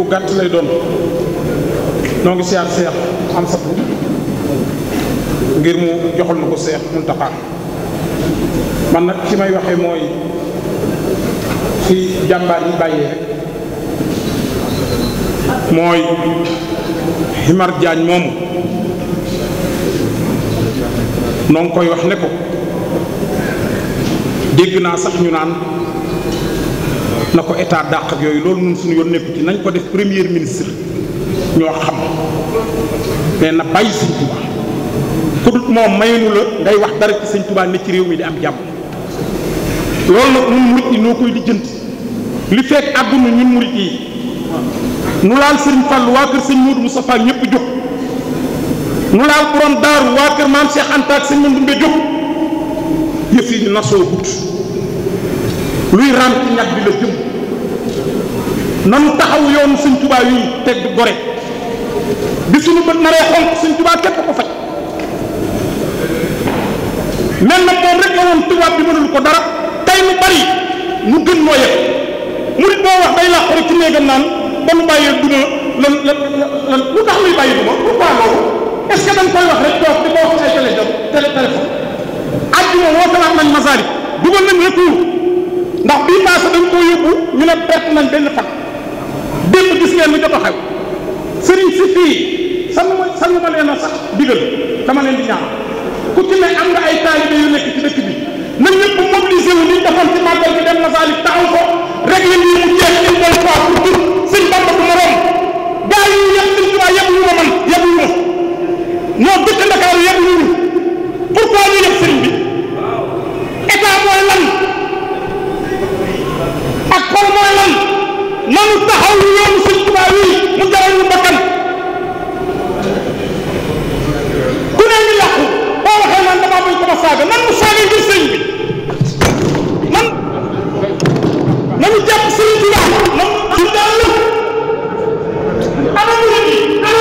bu gàtt lay doon noo ngi siyaar seex am satu ngir mu joxal na ko seex Muntaxa man nag ci may waxe mooy fi jàmbaar yi bàyyee rek mooy Himar moomu noo koy wax ne ko dégg naa sax ñu naan na ko état dàq ak yooyu loolu ñun suñu yoon nekku ci nañ ko def premier ministre ñoo xam mais na bàyyi sëñ Touba ku dul moom maynu la ngay wax dara ci sëñ Touba ne ci réew mi di am jàmm loolu nag ñun murit yi noo koy di li fekk àdduna ñun murit yi nu laal sëriñ Fàllu waa kër sëñ Moodu Moustapha ñëpp jóg nu laal borom daaru waa kër maam Cheikh Anta ak sëñ Mandumbe jóg yëf yi nasoo gut luy raam ci ñag bi la jëm nan taxaw yoon seigne touba wi te gore bi suñu bët naré xol seigne touba képp ko faj men na moom rek la touba bi mënul ko dara tay lu bari mu gën moye yëg murit wax day la ci nan ba mu baye duma lu tax muy baye duma pourquoi lo est ce que dang koy wax rek tok di ko wax ay télé télé téléphone àdduna wootalaat man mazari dugal nañ retour ndax bi passé dañ ko yobbu ñu ne perte nañ benn fat démb gis ngeen lu jot a xew sëriñ si fii sax ma sax ma leen a sax digal dama leen di ku ci ne am nga ay taalibe yu nekk ci dëkk bi na ñëpp mobilisé wu ni defoon ci màggal bi dem Masalik taxaw ko rek la ñuy mu jeex une bonne fois pour tout sëñ Bamba du morom gaa yi yëpp sëñ Tuubaa yëpp yu ma man yëpp yu ma ñoo dëkk Ndakaaru yëpp yu pourquoi ñu bi nanu taxaw lu yoonu sëñ Tuubaa wii mu jaral ñu bakkan ku ne ñu yàqu boo waxee man damaa bañ ko ma saaga nan mu saaga ngir sëñ bi man nañu jàpp sëñ Tuubaa man ci daal la ana mu ngi ana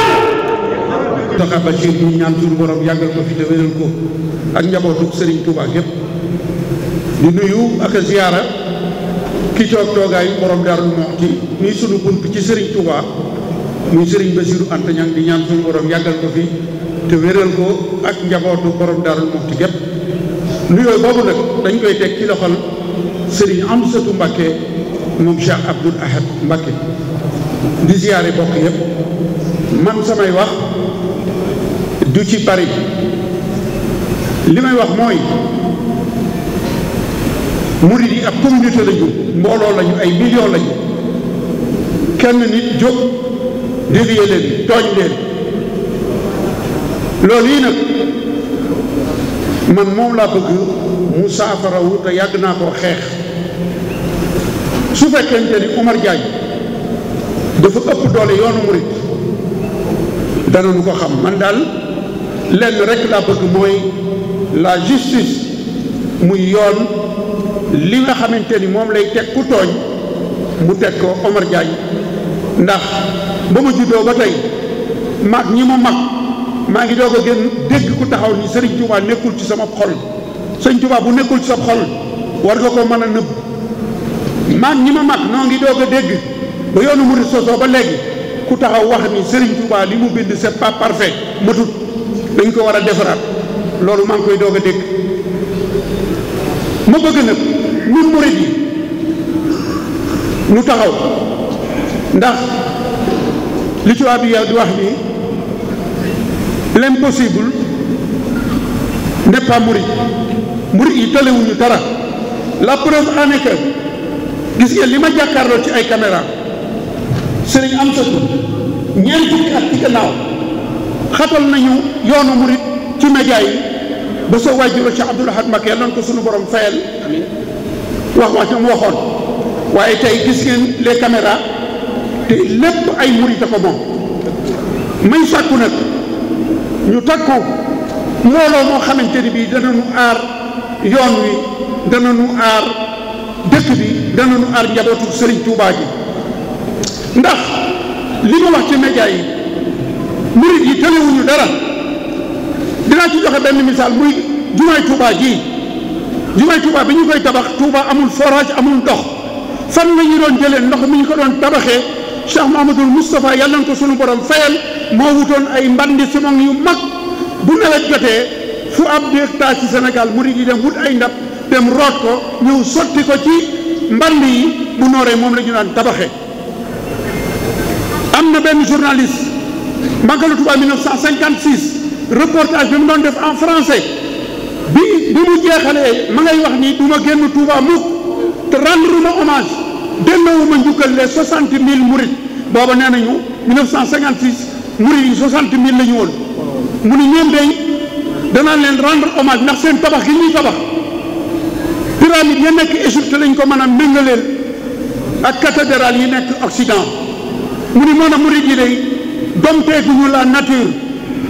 Mountakha Bachir ñu ñaan suñu borom yàggal ko fi te wéral ko ak njabootu sëriñ Tuubaa yépp di nuyu ak a ziyaara ki toog toogaayu borom Darou Mouhty muy sunu bunt ci Serigne Touba muy Serigne Bassirou Anta Niang di ñaan sunu borom yàggal ko fi te wéral ko ak njabootu borom Darou Mouhty gépp nuyoo boobu nag dañ koy teg ci loxol Serigne Amsatou Mbacké moom Cheikh Abdoul Ahad Mbacké di ziyaare bokk yëpp man samay wax du ci bari li may wax mooy. murid yi ab communauté lañu mbooloo lañu ay millions lañu kenn nit jóg dévier leen tooñ leen loolu yi nag man moom laa bëgg mu saafarawu yàgg naa koo xeex su fekkee ni Omar Diagne dafa ëpp doole yoonu murid danañu ko xam man daal lenn rek laa bëgg mooy la justice muy yoon li nga xamante ni moom lay teg ku tooñ mu teg ko Omar Diagne ndax ba ma juddoo ba tey mag ñi ma mag maa ngi doog a génn dégg ku taxaw ni sëriñ Touba nekkul ci sama xol Serigne Touba bu nekkul ci sa xol war nga ko mën a nëbb mag ñi ma mag noo ngi doog a dégg ba yoonu murid sosoo ba léegi ku taxaw wax ni sëriñ Touba li mu bind c'est pas parfait matut dañ ko war a defaraat loolu maa ngi koy doog a dégg ma bëgg nag ñun murid yi ñu taxaw ndax li ci waa bi yow di wax ni l'impossible n'est pas murid murid yi tëlewuñu dara la preuve en est gis ngeen li ma jàkkaarloo ci ay caméra sëriñ am sëtu ñeent fukki at ci gannaaw xatal nañu yoonu murid ci média yi ba sa waajuro ci Abdoul Ahad Mbacké yal na ko sunu borom fayal wax wax ñoom waxoon waaye tey gis ngeen les caméras te lépp ay murit a ko moom may sàkku nag ñu takku mbooloo moo xamante ni bii dana nu aar yoon wi dana nu aar dëkk bi dana nu aar njabootu Sëriñ Tuubaa ji ndax li ñu wax ci média yi murit yi tëlewuñu dara dinaa ci joxe benn misaal muy jumaay Tuubaa jumaay Touba bi ñu koy tabax Touba amul forage amul ndox fan la ñu doon jëlee ndox mi ñu ko doon tabaxee Cheikh Mahamadul Moustapha yàlla na ko sunu borom fayal moo wutoon ay mbandi sunoŋ yu mag bu nawet jotee fu ab déeg taa ci Sénégal mu di dem wut ay ndab dem root ko ñëw sotti ko ci mband yi bu nooree moom la ñu daan tabaxee am na benn journaliste Magalu Touba 1956 reportage bi mu doon def en français. bi bi mu jeexalee ma ngay wax ni du ma génn Touba mukk te rendre ma hommage delloo ma njukkal les soixante mille murit booba nee nañu 1956 murit yi soixante mille la ñu woon mu ni ñoom de danaa leen rendre hommage ndax seen tabax yi ñuy tabax pyramide ya nekk Égypte lañ ko mën a méngaleel ak cathédrale yi nekk Occident mu ni moo a murit yi day domteeguñu la nature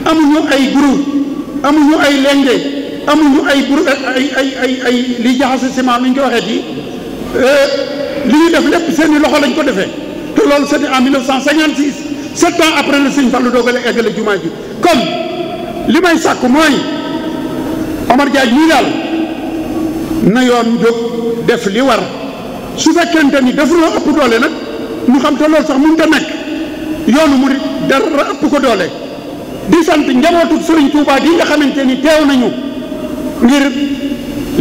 amuñu ay groupe amuñu ay lenge amuñu ay bur ak ay ay ay ay liy jaxase ciment lu ko waxee yi euh, li ñu def lépp seen loxo lañ ko defee te loolu c'était en 1956 sept ans après le Sëñ Fallu doogale eggale jumaa ji kon li may sàkk mooy Omar Diagne ñii daal na yoon jóg def li war su fekkente ni defuloo ëpp doole nag ñu xam te loolu sax mënut a nekk yoonu mu dara ëpp ko doole di sant njabootu Sëriñ Tuubaa gi nga xamante ni teew nañu ngir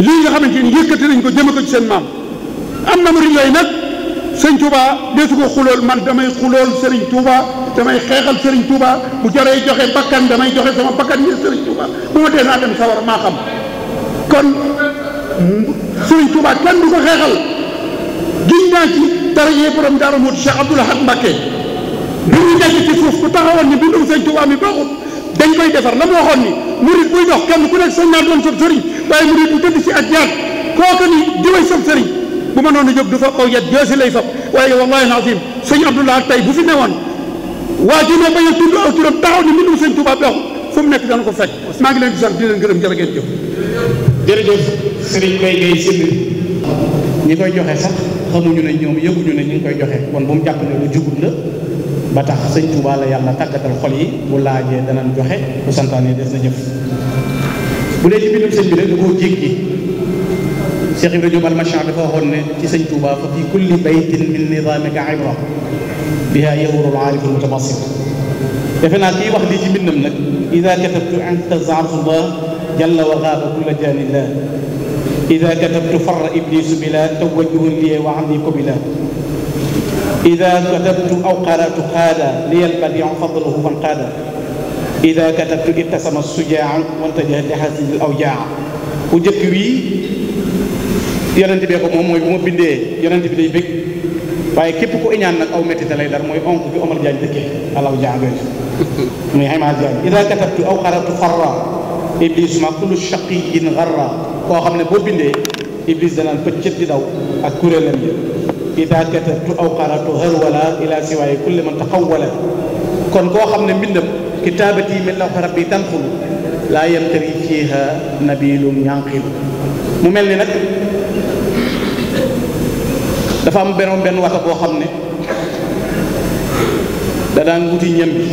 lii nga xamante ni yëkkati nañ ko jëme ko ci seen maam am na murid yooyu nag sëñ Touba deesu ko xulool man damay xulool Serigne Touba damay xeexal Serigne Touba bu jaree joxe bakkan damay joxe sama bakkan ngir Serigne Touba bu ma dee naa dem sawar maa xam kon Serigne Touba kenn du ko xeexal giñ naa ci tarayee borom Daaru Muxti Cheikh Abdoul Ahad Mbacké bi ñu nekk ci suuf ku taxawoon ni bindum Serigne Touba mi baaxut dañ koy defar la mu waxoon ni murid buy dox kenn ku nekk sañ naa doon sab sëriñ waaye murid bu tëdd si ak yaat kooka ni diway sab sëriñ bu ma noonu jóg du fab aw yat joosi lay fab waaye wallahi alazim sëñ Abdoulaye tey bu fi woon waa ji ba bañ a tudd aw turam taxaw ni mbindum sëñ Tuubaa dox fu mu nekk daan ko fekk maa ngi leen di sant di leen gërëm jërë ngeen jëf jërëjëf sëriñ Mbaye Guèye Syll ñi koy joxe sax xamuñu ne ñoom yëguñu ne ñi ngi koy joxe kon bu mu jàpp ne lu jugul la ba tax sëñ Tuubaa la yàlla tàggatal xol yi bu laajee danañ joxe bu santaane des na jëf bu dee ci bindum sëñ bi rek da koo jéggi Cheikh Ibrahima Diop al-Machar dafa waxoon ne ci sëñ Tuubaa fa fi kulli baytin min nizaamika ibra biha yahuru al-aarif al-mutabasit defe naa kii wax lii ci mbindam nag ida katabtu anta zaartullah jalla wa xaaba kulla jaanillah ida katabtu farra iblisu bila tawajjuhun liye wa am ni ko bila إذا كتبت أو قرأت هذا لي البديع فضله من قال إذا كتبت ابتسم السجاع وانتجه لحزن الأوجاع وجدت وي يرنت بيكو موموي مو بيندي يرنت بيدي بيك واي كيب كو انيان نك او ميتي تالاي دار موي اونك بي عمر جان ديكي الله جان مي هاي ما اذا كتبت او قرات فرا ابليس ما كل شقي غرا كو خامني بو ابليس دا نان داو اك كورلم ida katabtu aw qaratu hal wala ila siwaay kulli man taqawwala kon koo xam ne mbindam kitaabati min bi rabbi tanqul laa yamtari fiiha nabilum yanqil mu mel ni nag dafa am benn benn wata koo xam ne da daan wuti ñam bi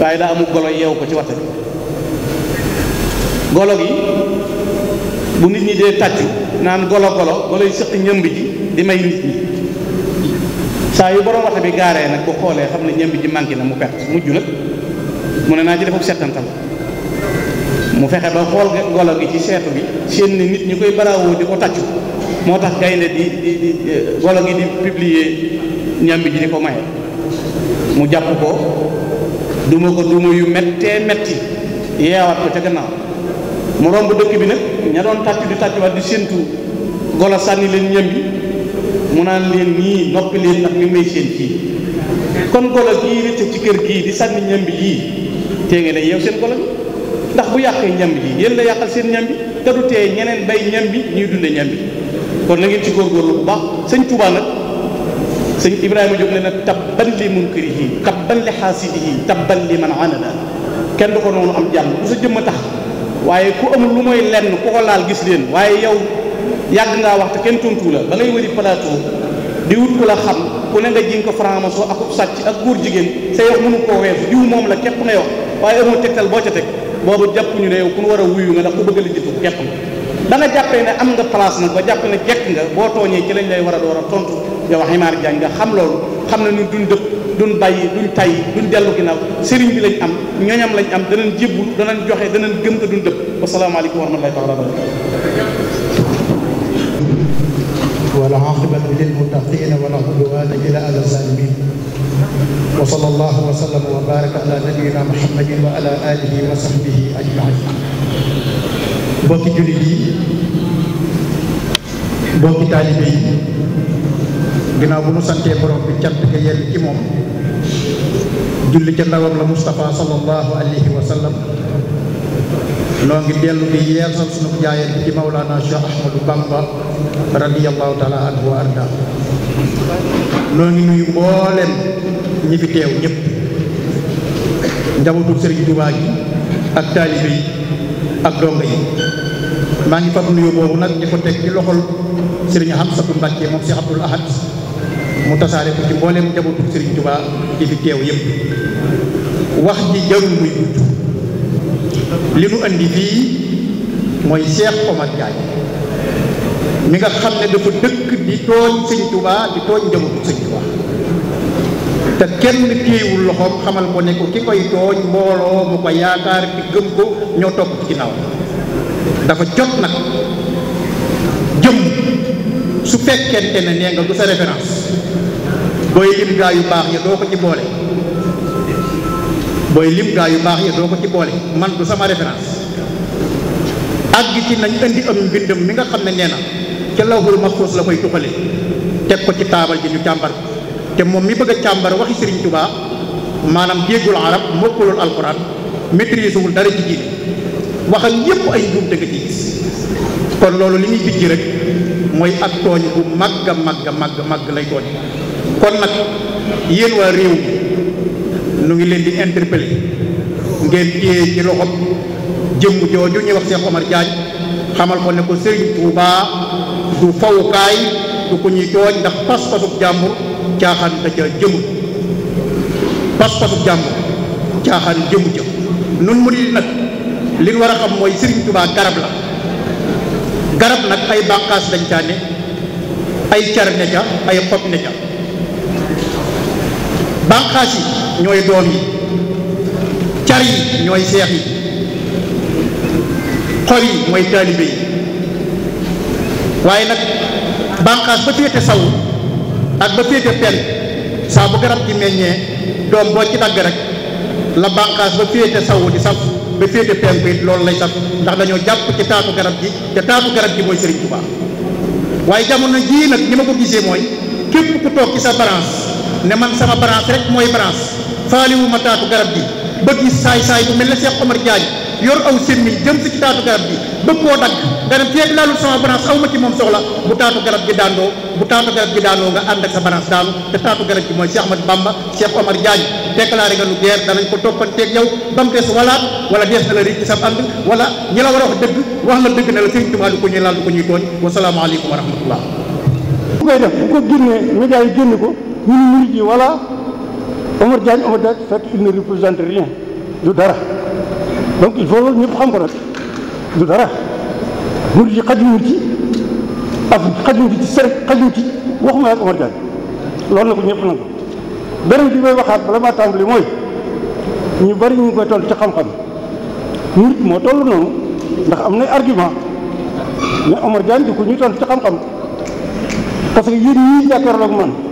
waaye daa amul golo yeewu ko ci wata bi golo gi bu nit ñi dee tàccu naan golo golo golo yi sëq ñëmb ji di may nit ñi saa yu borom waxta bi gaaree nag bu xoolee xam ne ñëmb ji manqué na mu perte mujj na mu ne naa ci defuk settantal mu fexe ba xool golo gi ci seetu bi seen ni nit ñi koy baraawoo di ko tàccu moo tax gaynde di di di eh, golo gi di publier ñambi ji di ko maye mu jàpp ko duma ko duma yu mettee metti yeewaat ko ca gannaaw mu romb dëkk bi nag ña doon tàccu di tàccuwaat di séentu golo sànni leen ñambi mu naan leen nii noppi leen ndax mi may seen kii kon golo gii rëcc ci kër gii di sànni ñambi yii tee ngeen a yeew seen golo bi ndax bu yàqee ñambi yii yéen la yàqal seen ñambi te du tee ñeneen bay ñambi ñuy dunde ñambi kon na ngeen ci góor góorgóorlu bu baax sëñ Tuubaa nag sëñ Ibrahima Diop ne na tabban li munkarihi tabban li xaasidihi tabban li man anada kenn du ko noonu am jàmm bu sa jëmm tax waaye ku amul lu mooy lenn ku ko laal gis leen waaye yow yàgg ngaa wax te kenn tontu la ba ngay wëri plateau di wut ku la xam ku ne nga jiñ ko franc-maçon ak ub sàcc ak góor jigéen say wax mënu koo weesu jiw moom la képp ngay wax waaye amoo tegtal boo ca teg boobu jàpp ñu ne yow ku nu war a wuyu nga ndax ku bëgg li jëtu képp da nga am nga place nag jàpp ne jekk nga boo tooñee ci lañ lay war a door a tontu yow Ximaar Jaañ nga xam loolu xam ne ñun duñ dëpp duñ bàyyi duñ tayyi duñ dellu ginnaaw sëriñ bi lañ am ñoñam lañ am danañ jébbul danañ joxe danañ gëm te duñ dëpp wasalaamaaleykum wa rahmatullahi taala wa barakatu والعاقبة للمتقين ولا عدوان إلى على الظالمين وصلى الله وسلم وبارك على نبينا محمد وعلى آله وصحبه أجمعين بوكي جولي بوكي طالبي غنا بو نو بروم بي تيات كي يالي كي موم جولي صلى الله عليه وسلم noo ngi dellu di yeesal sunu jaayeen ci Mawlana Cheikh Ahmadou Bamba radiyallahu taala anhu wa arda noo ngi nuyu mboolem ñi teew ñëpp njabootu Serigne Touba gi ak taalibe yi ak donga yi maa ngi fab nuyu boobu nag di ko teg ci loxol Serigne Hamsatou Mbacke moom Cheikh Abdoul Ahad mu tasaare ko ci mboolem njabootu Serigne Touba di teew yëpp wax ji jarul muy li mu andi fii mooy Cheikh Omar Diagne mi nga xam ne dafa dëkk di tooñ sëñ Tubaa di tooñ njabootu sëñ Tubaa te kenn téewul loxoom xamal ko ne ko ki koy tooñ mbooloo mu ko yaakaar di gëm ko ñoo topp ci ginnaaw dafa jot nag jëm su fekkente ne nee nga du sa référence booy lim gaa yu baax ya doo ko ci boole boy lim gaa yu baax yi do ko ci bolé man du sama référence àgg ci nañ andi am bindum mi nga xamné néna ci na ca lawhul mahfuus la koy tukalé tek ko ci taabal ji ñu jambar té mom mi bëgg jambar waxi Serigne Touba manam déggul arab mokulul alquran maîtriser wul dara ci diine waxal yépp ay njuumte dëgg ci gis kon loolu li muy bijji rek moy ak tooñ bu magga magga magga mag lay tooñ kon nak yeen wa réew nu ngi leen di interpellé ngeen téye ci loxob jëmm jooju ñuy wax Cheikh Omar Diagne xamal ko ne ko Serigne Touba du fawukaay du ko ñuy tooñ ndax pas-pasub jàmbur caaxaan da ca jëmu nun mu di nag li war a xam mooy Serigne Touba garab la garab nag ay bànqaas dañ caa ne ay car ne ca ay xob ne ca bànqaas yi ñooy doom yi car yi ñooy seex yi xol yi mooy taalibe yi waaye nag bànqaas ba féete saw ak ba féete pen saa garab gi meññee doom boo ci dagg rek la bànqaas ba féete saw di saf ba féete penk it loolu lay saf ndax dañoo jàpp ci taatu garab gi te taatu garab gi mooy Sëriñ Tuubaa waaye jamono jii nag ni ma ko gisee mooy képp ku toog ci sa branche ne man sama branche rek mooy branche faaliwu taatu garab bi bëgg gis saay-saay bu mel na Cheikh Omar Diagne yor aw semmi jëm si ci taatu garab gi bëgg koo dagg dana feeg laalul sama branche aw ma ci moom soxla bu taatu garab gi daandoo bu taatu garab bi daandoo nga ànd ak sa branche daanu te taatu garab gi mooy Cheikh Ahmad Bamba Cheikh Omar Diagne déclaré nga nu guerre danañ ko toppanteeg yow ba mu des walaat wala dees na la riig ci sa ànd wala ñi la war a wax la dëgg ne la Sëriñ Tuubaa du ko ñuy laal du ko ñuy tooñ wasalaamaaleykum wa rahmatullah bu ñu ne murid yi voilà Omar Diagne Omar Diagne fekk il ne dara donc il faut loolu ñëpp xam ko nag du dara murid yi xajuñu ci af xajuñu ci sere xajuñu ci waxuma ak Omar Diagne loolu na ku ñëpp nangu beneen bi may waxaat bala maa mooy ñu bari ñu ngi koy toll ci xam-xam murid moo toll noonu ndax am nay argument mais Omar Diagne di ko ñuy toll ci xam-xam parce que yéen ñii jàkkaarloog man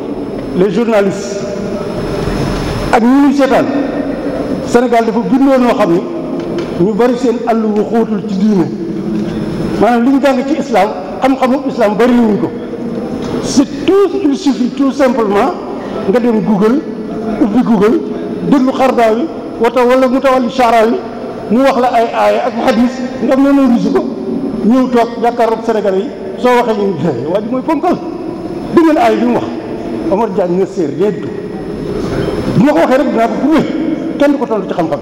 le journalistes ak ñi ñuy seetaan Sénégal dafa bindoo noo xam ni ñu bari seen àll wu ci diine maanaam li ñu jàng ci islam xam-xamu islam bari wuñ ko c'est tout il suffit tout simplement nga dem Google ubbi Google déglu xardaawi wata wala mu tawal charaawi mu wax la ay aaya ak xadis nga mémorise ko ñëw toog jàkkaaroog Sénégalais yi soo waxee ñu ngi waa ji mooy ponkal di ngeen aay bi mu wax. Omar Diagne ñu seer yeddu bu ma ko waxe rek dinaa ko prouvé kenn ko tontu ci xam-xam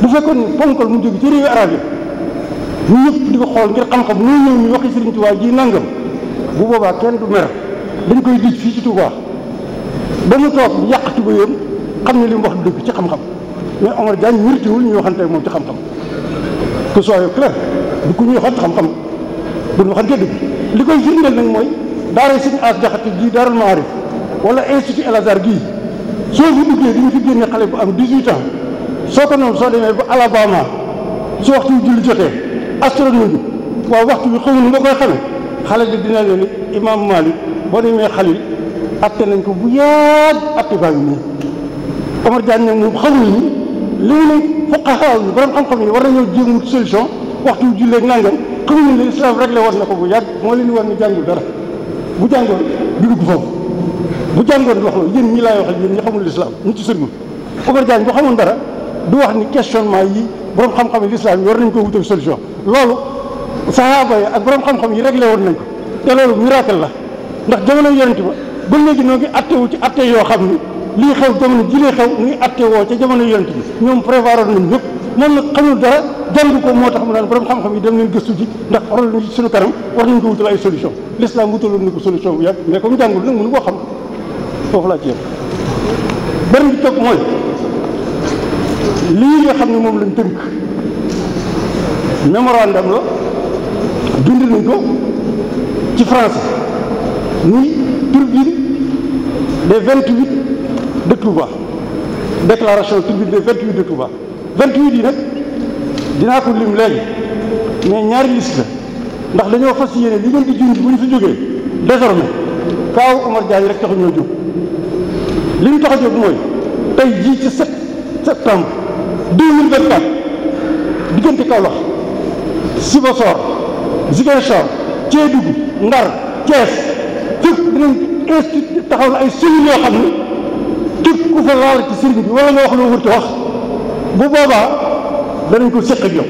bu fekkoon ponkal mu jóge ci réewi arabe ñu ñep di ko xool ngir xam-xam ñoo ñu waxe Serigne Touba ji nangam bu boba kenn du mer dañ koy dij fi ci Touba ba tok yaq yàq tuba yam xam ni li wax dëgg ci xam-xam mais Omar Diagne wértiwul ñu waxante ak mom ci xam-xam ku soyo clair du ko ñu xat xam-xam bu ñu waxante dëgg likoy koy nak moy daara Serigne As jaxati ji daarul maarif wala institut El Azhar soo fi duggee di nga fi génne xale bu am 18 ans soo ko noonu soo demee ba Alabama su waxtu wi julli jotee astronomie bi waaw waxtu bi xamul nga koy xame xale bi dina leen imaam Malik boo demee Xalil atte nañ ko bu yàgg atte baa ngi nii Omar Diagne nag moom xamul ni li mu ne fuqahaa yi borom xam-xam yi war nañoo jéem wut solution waxtu wi julleeg nangam xamuñu ne islam rek la war na ko bu yàgg moo leen war ni jàngul dara bu jàngoon du dugg bu jàngoon wax ma yéen ñi laay waxal yéen ñi xamul lislaam ñu ci sëlmul Omar Diagne bu xamoon dara du wax ni questionnement yi borom xam-xam yi lislaam yi war woon nañ ko te loolu la ndax jamono yonente ba ba léegi noo ngi attewu ci atte yoo xam ni lii xew jamono jilee xew nu ngi atte woo ca jamono yonente bi ñoom prévoir nañ ñëpp moom nag xamul dara jàng ko moo tax mu naan borom xam-xam yi dem leen gëstu ji ndax xool suñu kanam war nañ ko wutal ay solution l'islam wutaloon na ko solution bu yàgg mais comme jàngul nag mënu koo xam foofu laa ci yem benn bi toog mooy lii nga xam ne moom lañ tënk mémorandum la bind nañ ko ci france muy tribune des vingt-huit de Touba déclaration tribune des vingt-huit de Touba vingt-huit yi nag dinaa ko lim léegi mais ñaari liste la ndax dañoo fas yéene li ngeen di junj bu ñu fi jógee daaw Omar Diagne rek taxu ñoo jóg li ñu tax a jóg mooy tey jii ci sept septembre deux mille vingt quatre diggante Kaolack Sibassor Ziguinchor Kédougou Ndar Thiès ay cellules yoo xam ne képp ku fa laal ci sëriñ bi wala nga wax loo wërti wax bu boobaa danañ ko séq ak yow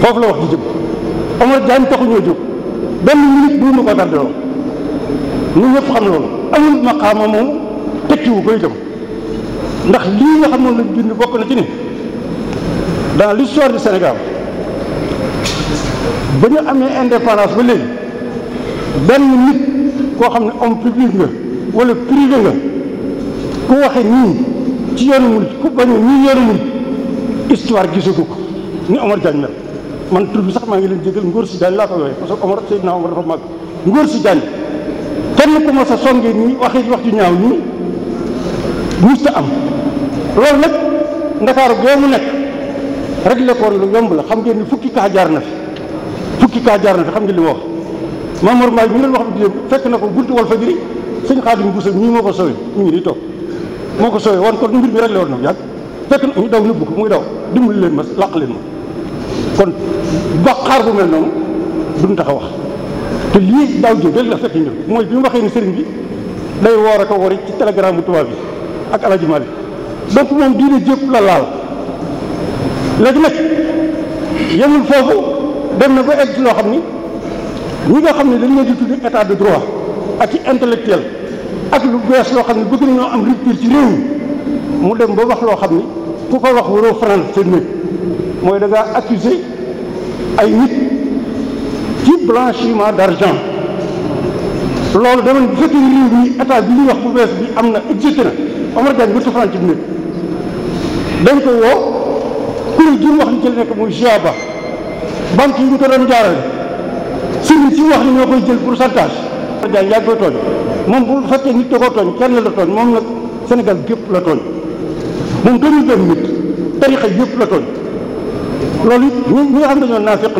foofu la wax di jëm Omar Diagne taxu ñoo ñun ñëpp xam ne loolu ma maqaama moom tekkiwu ko itam ndax lii nga xam noonu lañ bind bokk na ci ni dans l'histoire du Sénégal ba ñu amee indépendance ba léegi benn nit koo xam ne homme public nga wala privé nga ku waxe nii ci yoonu murid ku bañ nii yoonu murid histoire gisagu ko ni Omar Diagne mel man tur bi sax maa ngi leen jégal ngóor si Diagne laa ko yooye parce que Omar Seydina Omar dafa mag ngóor si kenn ku ma sa songe nii waxi wax ju ñaaw nii musta am loolu nag ndakaaru goo mu nekk rek lekkoon lu yomb la xam ngeen ni fukki kaa jaar na fi fukki kaa jaar na fi xam ngeen li ma wax Mamour Mbaye mi leen wax bi fekk na ko buntu Walfadjri sëñ Xaadim Bousso ñii moo ko sowe ñu ngi nii toog moo ko sowe wan kon mbir mi rek la woon nag yàgg fekk na ñu daw nëbbu ko muy daw dimbali leen ma làq leen ma kon ba xaar bu mel noonu duñ tax a wax te lii daaw jiw del la fekk ñu mooy bi mu waxee ni sëriñ bi day woor ak a wori ci télégramme bu tubaab bi ak Alaaji Maalik donc moom diine jëpp la laal léegi nag yemul foofu dem na ba egg ci loo xam ni ñi nga xam ne dañ leen di tudd état de droit ak ci intellectuel ak lu bees loo xam ne bëgg nañoo am rupture ci réew mu dem ba wax loo xam ni ku ko wax waroo faral seen néeg mooy da ngaa accuser ay nit ci blanchiment d'argent loolu dama ne bu fekkee ni réew mi bi ñuy wax bu bees bi am na existé na Omar Diagne wërtu fanaan ci bu nekk mu wax ni ci la nekk muy GIABA banque yi ñu ko jël pourcentage Omar Diagne yaa ngi koy tooñ moom bu fekkee nit da tooñ kenn la tooñ moom nag Sénégal gépp la tooñ moom tooñu benn nit tarixa yëpp la tooñ loolu it ñi nga xam ne dañoo naafiq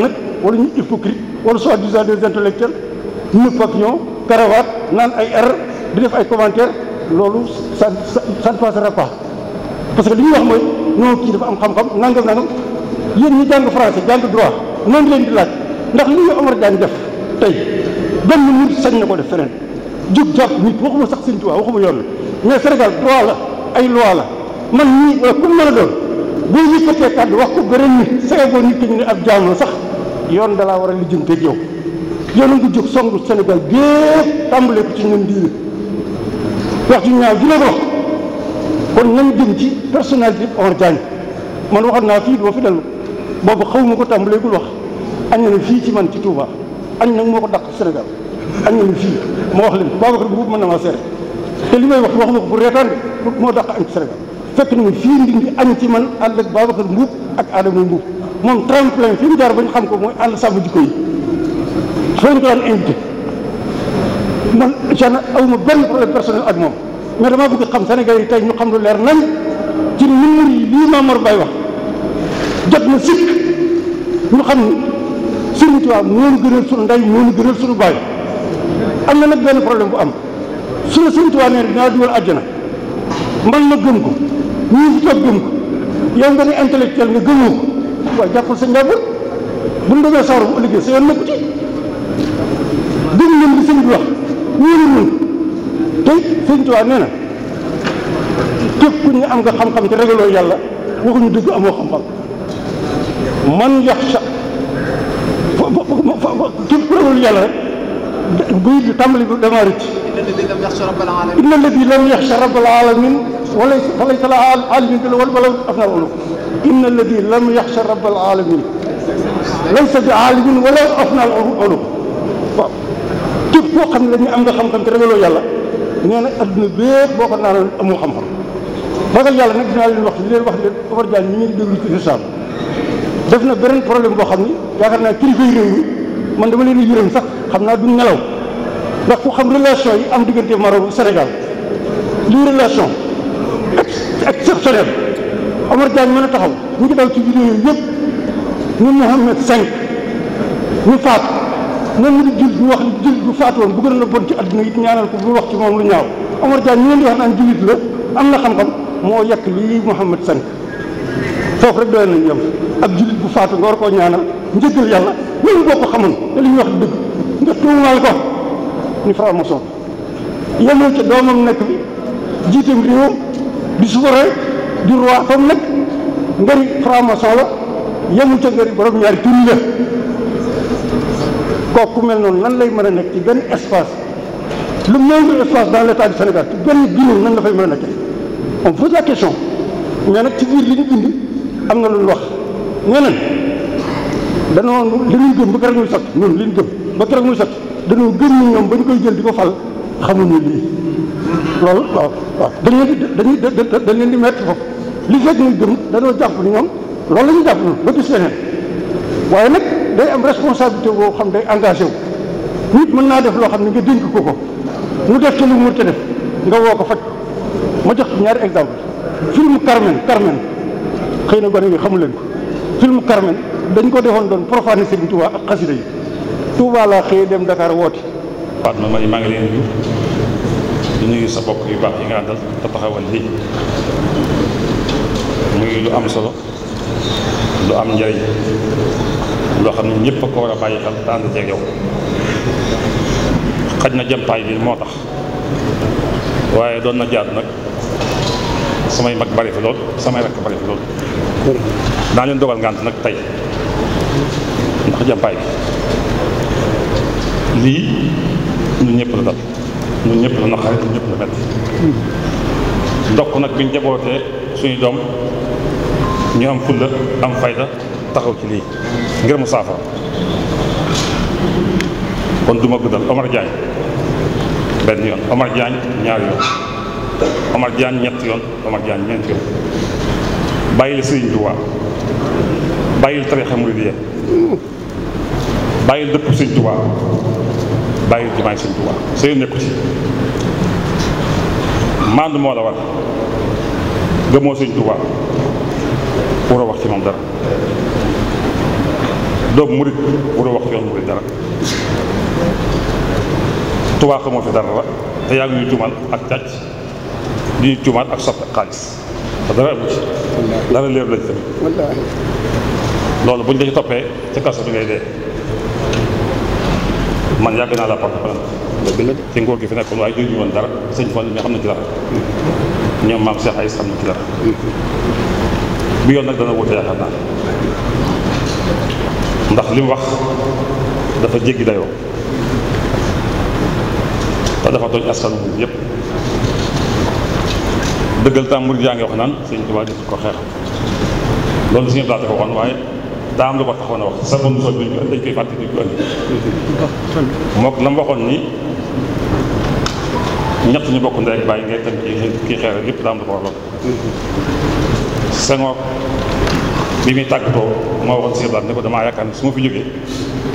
ñu hypocrite wala soi-disant des intellectuels ñu papillon cravate naan ay r di def ay commentaires loolu sa sa ça ne passera pas parce que li ñuy wax mooy non kii dafa am xam-xam nangam nangam yéen ñi jàng français jàng droit noonu leen di laaj ndax li ñu Omar daan def tey benn nit sañ na ko def feneen jóg jàpp nit waxuma sax Sëñ Tuubaa waxuma yoon la mais Sénégal droit la ay loi la man ñii wala ku mën a doon boo yëkkatee kàddu wax ko beneen nit sayagoo ab jaam sax yoon dalaa waral a lijjanteeg yow yoon nañ ko jóg songu Sénégal gépp tàmbale ko ci ñun diine wax ju ñaaw ju la ko kon nañ jëm ci personnalité Omar Diagne man waxoon naa fii duma fi dellu boobu xaw ma ko tàmbaleegul wax añ na fii ci man ci Touba añ na moo ko dàq Sénégal añ na fii moo wax leen Babacar Mbuub mën na maa seere te li may wax wax ma ko pour moo dàq añ ci Sénégal fekk na mu fii ndi añ ci man ànd ak Babacar Mbuub ak Adama Mbuub moom tremplin fii mu jaar ba ñu xam ko mooy ànd sàmm jikko yi foo ñu ko daan invité man jana benn problème personnel ak moom mais damaa bëgg xam Sénégal yi tey ñu xam lu leer nañ ci numéro yi lii Mamour Baye wax jot mu sikk ñu xam ne Sëriñ Tuubaa moo ñu gënal suñu ndey baay am na na benn problème bu am su la Sëriñ Tuubaa nee dinaa dugal man ma gëm ko ñii fi toog gëm ko yow nga ne intellectuel nga gëmoo ko waaye jàppal sa njaboot bu ñu demee sawar bu ëllëgee sa yoon nekku ci dégg ngeen li sëñ bi wax ñuulu mun te sëñ Tuubaa nee na képp am nga xam-xam te ragaloo yàlla waxuñu dëgg amoo xam-xam man yax sa képp ku ragalul yàlla rek البيض تملي دمارك إن الذي لم يخشى رب العالمين فليس لها عالمين بل والبلد أفعله إن الذي لم يخشى رب العالمين ليس بعالم ولا أفنى العلو كيف وقت الذي أمد خمكم ترغلوا يلا نحن أدن بيت وقت نال أمو خمر بقى يلا نجنا للوقت لير وقت ورجع نمير دولي تسام دفنا برن بروليم بخمي يا كرنا كيف يريني من دولي يريني صح xam naa duñ nelaw ndax ku xam relation yi am diggante Maroc Sénégal lii relation exceptionnelle Omar Diagne mën a taxaw ñu ngi daw ci vidéo yooyu yëpp ñu Mohamed cinq ñu faat noonu ñu di jul wax ni jul bu faatoon bu gën a bon ci adduna it ñaanal ko bu wax ci moom lu ñaaw Omar Diagne ñu leen di wax naan jullit la am na xam-xam moo yekk lii Mohamed cinq foofu rek doy nañu yem ab jullit bu faatu nga war koo ñaanal njëggal yàlla loolu boo ko xamoon te li ñuy wax dëgg nga tuumal ko ni franc-maçon yemul ci doomam nekk bi jiitam réewam di souverain di roi fam nekk ngari franc-maçon la yemul ca ngari borom ñaari tur la kooku mel noonu nan lay mën a nekk ci benn espace le moindre espace dans l'état du Sénégal ci benn bureau nan la fay mën a nekkee on pose la question mais nag ci biir li ñu bind am na lu wax ñeneen dañoo li ñu gëm bëgg rek ñu sot ñun li ñu gëm ba keroog muy sot dañoo gën ñu ñoom ba ñu koy jël di ko fal xamuñu lii loolu waaw waaw dañ leen di dañuy dañ leen di metti foofu li fekk muy gëm dañoo jàpp ni ñoom loolu la ñu jàpp noonu ba gis leneen waaye nag day am responsabilité boo xam day engagé wu nit mën naa def loo xam ne nga dénk ko ko mu def ci lu mu def nga woo ko faj ma jox ñaari exemple film Carmen Carmen xëy na gone yi xamu leen ko film Carmen dañ ko defoon doon profané Sëriñ Tuubaa ak xasida yi Touba laa dem Dakar woote. Fatma ma maa ngi leen nuyu di nuyu sa bokk yu baax yi nga àndal te taxawal lii muy lu am solo lu am njëriñ loo xam ne ñëpp a ko war a bàyyi xel te ànd ceeg yow xaj na jëmpaay bi moo tax waaye doon na jaat nag samay mag bari fi lool samay rakk bari fi lool. daa leen dogal ngànt nag tey ndax jëmpaay bi. lii ñun ñëpp la dal ñun ñëpp la naqare ñun ñëpp la metti ndokk nag biñ jabootee suñu doom ñu am fulla am fayda taxaw ci lii ngir mu kon du ma guddal Omar Diagne benn yoon Omar Diagne ñaar yoon Omar Diagne ñett yoon Omar Diagne ñeent yoon bàyyil Sëriñ Tuubaa bàyyil tarixa muridiyya bàyyil dëpp Sëriñ Tuubaa bàyyi jumaay sëñ Tuubaa sa yoon nekku ci màndu moo la war gëmoo sëñ Tuubaa waroo wax ci moom dara doomu murit waroo wax ci yoon murit dara Tuubaa xamoo fi dara la te yaa ngi ñuy tuumal ak càcc di ñuy tuumal ak sopp xaalis dara amu lañ tamit loolu buñ la ci toppee ca kaso bi ngay dee man yàgg naa la porte plainte dëgg la ci ngóor gi fi nekkoon waaye jur ñu woon dara sëñ Fallou mi xam na ci dara ñoom maam Cheikh Aïs xam na ci dara yoon nag dana wute yaakaar naa ndax li wax dafa jéggi dayoo te dafa tooñ askan wi yëpp dëggal tam murid yaa ngi wax naan sëñ Tuubaa di ko xeex loolu si ñëpp daal dafa waxoon waaye daa am lu ko taxoon a wax sa bonu sol bi dañ koy fàtte di ko andi mook la mu waxoon ni ñett ñu bokk ndey ak bàyyi ngay tam ci kii xeer lépp daa am lu ko waraloon Senghor bi muy tàggatoo moo waxoon si daal ne ko damaa yaakaar ne su ma fi jógee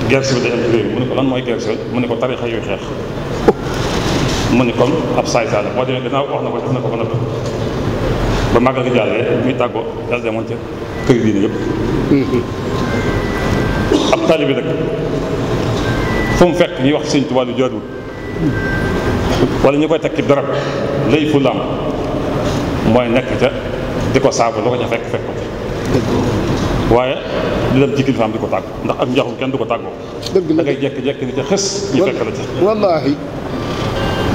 guerre civile day am ci réew mi mu ne ko lan mooy guerre civile mu ne ko tarixa yooyu xeex mu ne kon ab saay saay la boo demee gannaaw wax na ko def na ko ba noppi ba màggal gi jàllee muy tàggoo yàlla demoon ca kër diine yëpp mm-hmm. ab taalibe nag fu mu fekk ñuy wax sëñ Tuubaa lu jaaduwul wala ñu koy takki darab lay fu lam mooy nekk ca di ko saabu lu ko fekk fekk ko waaye di dem ci kilifaam di ko tàggu ndax ak njaxum kenn du ko tàggoo da ngay jekki-jekki di ca xës ñu fekk la ca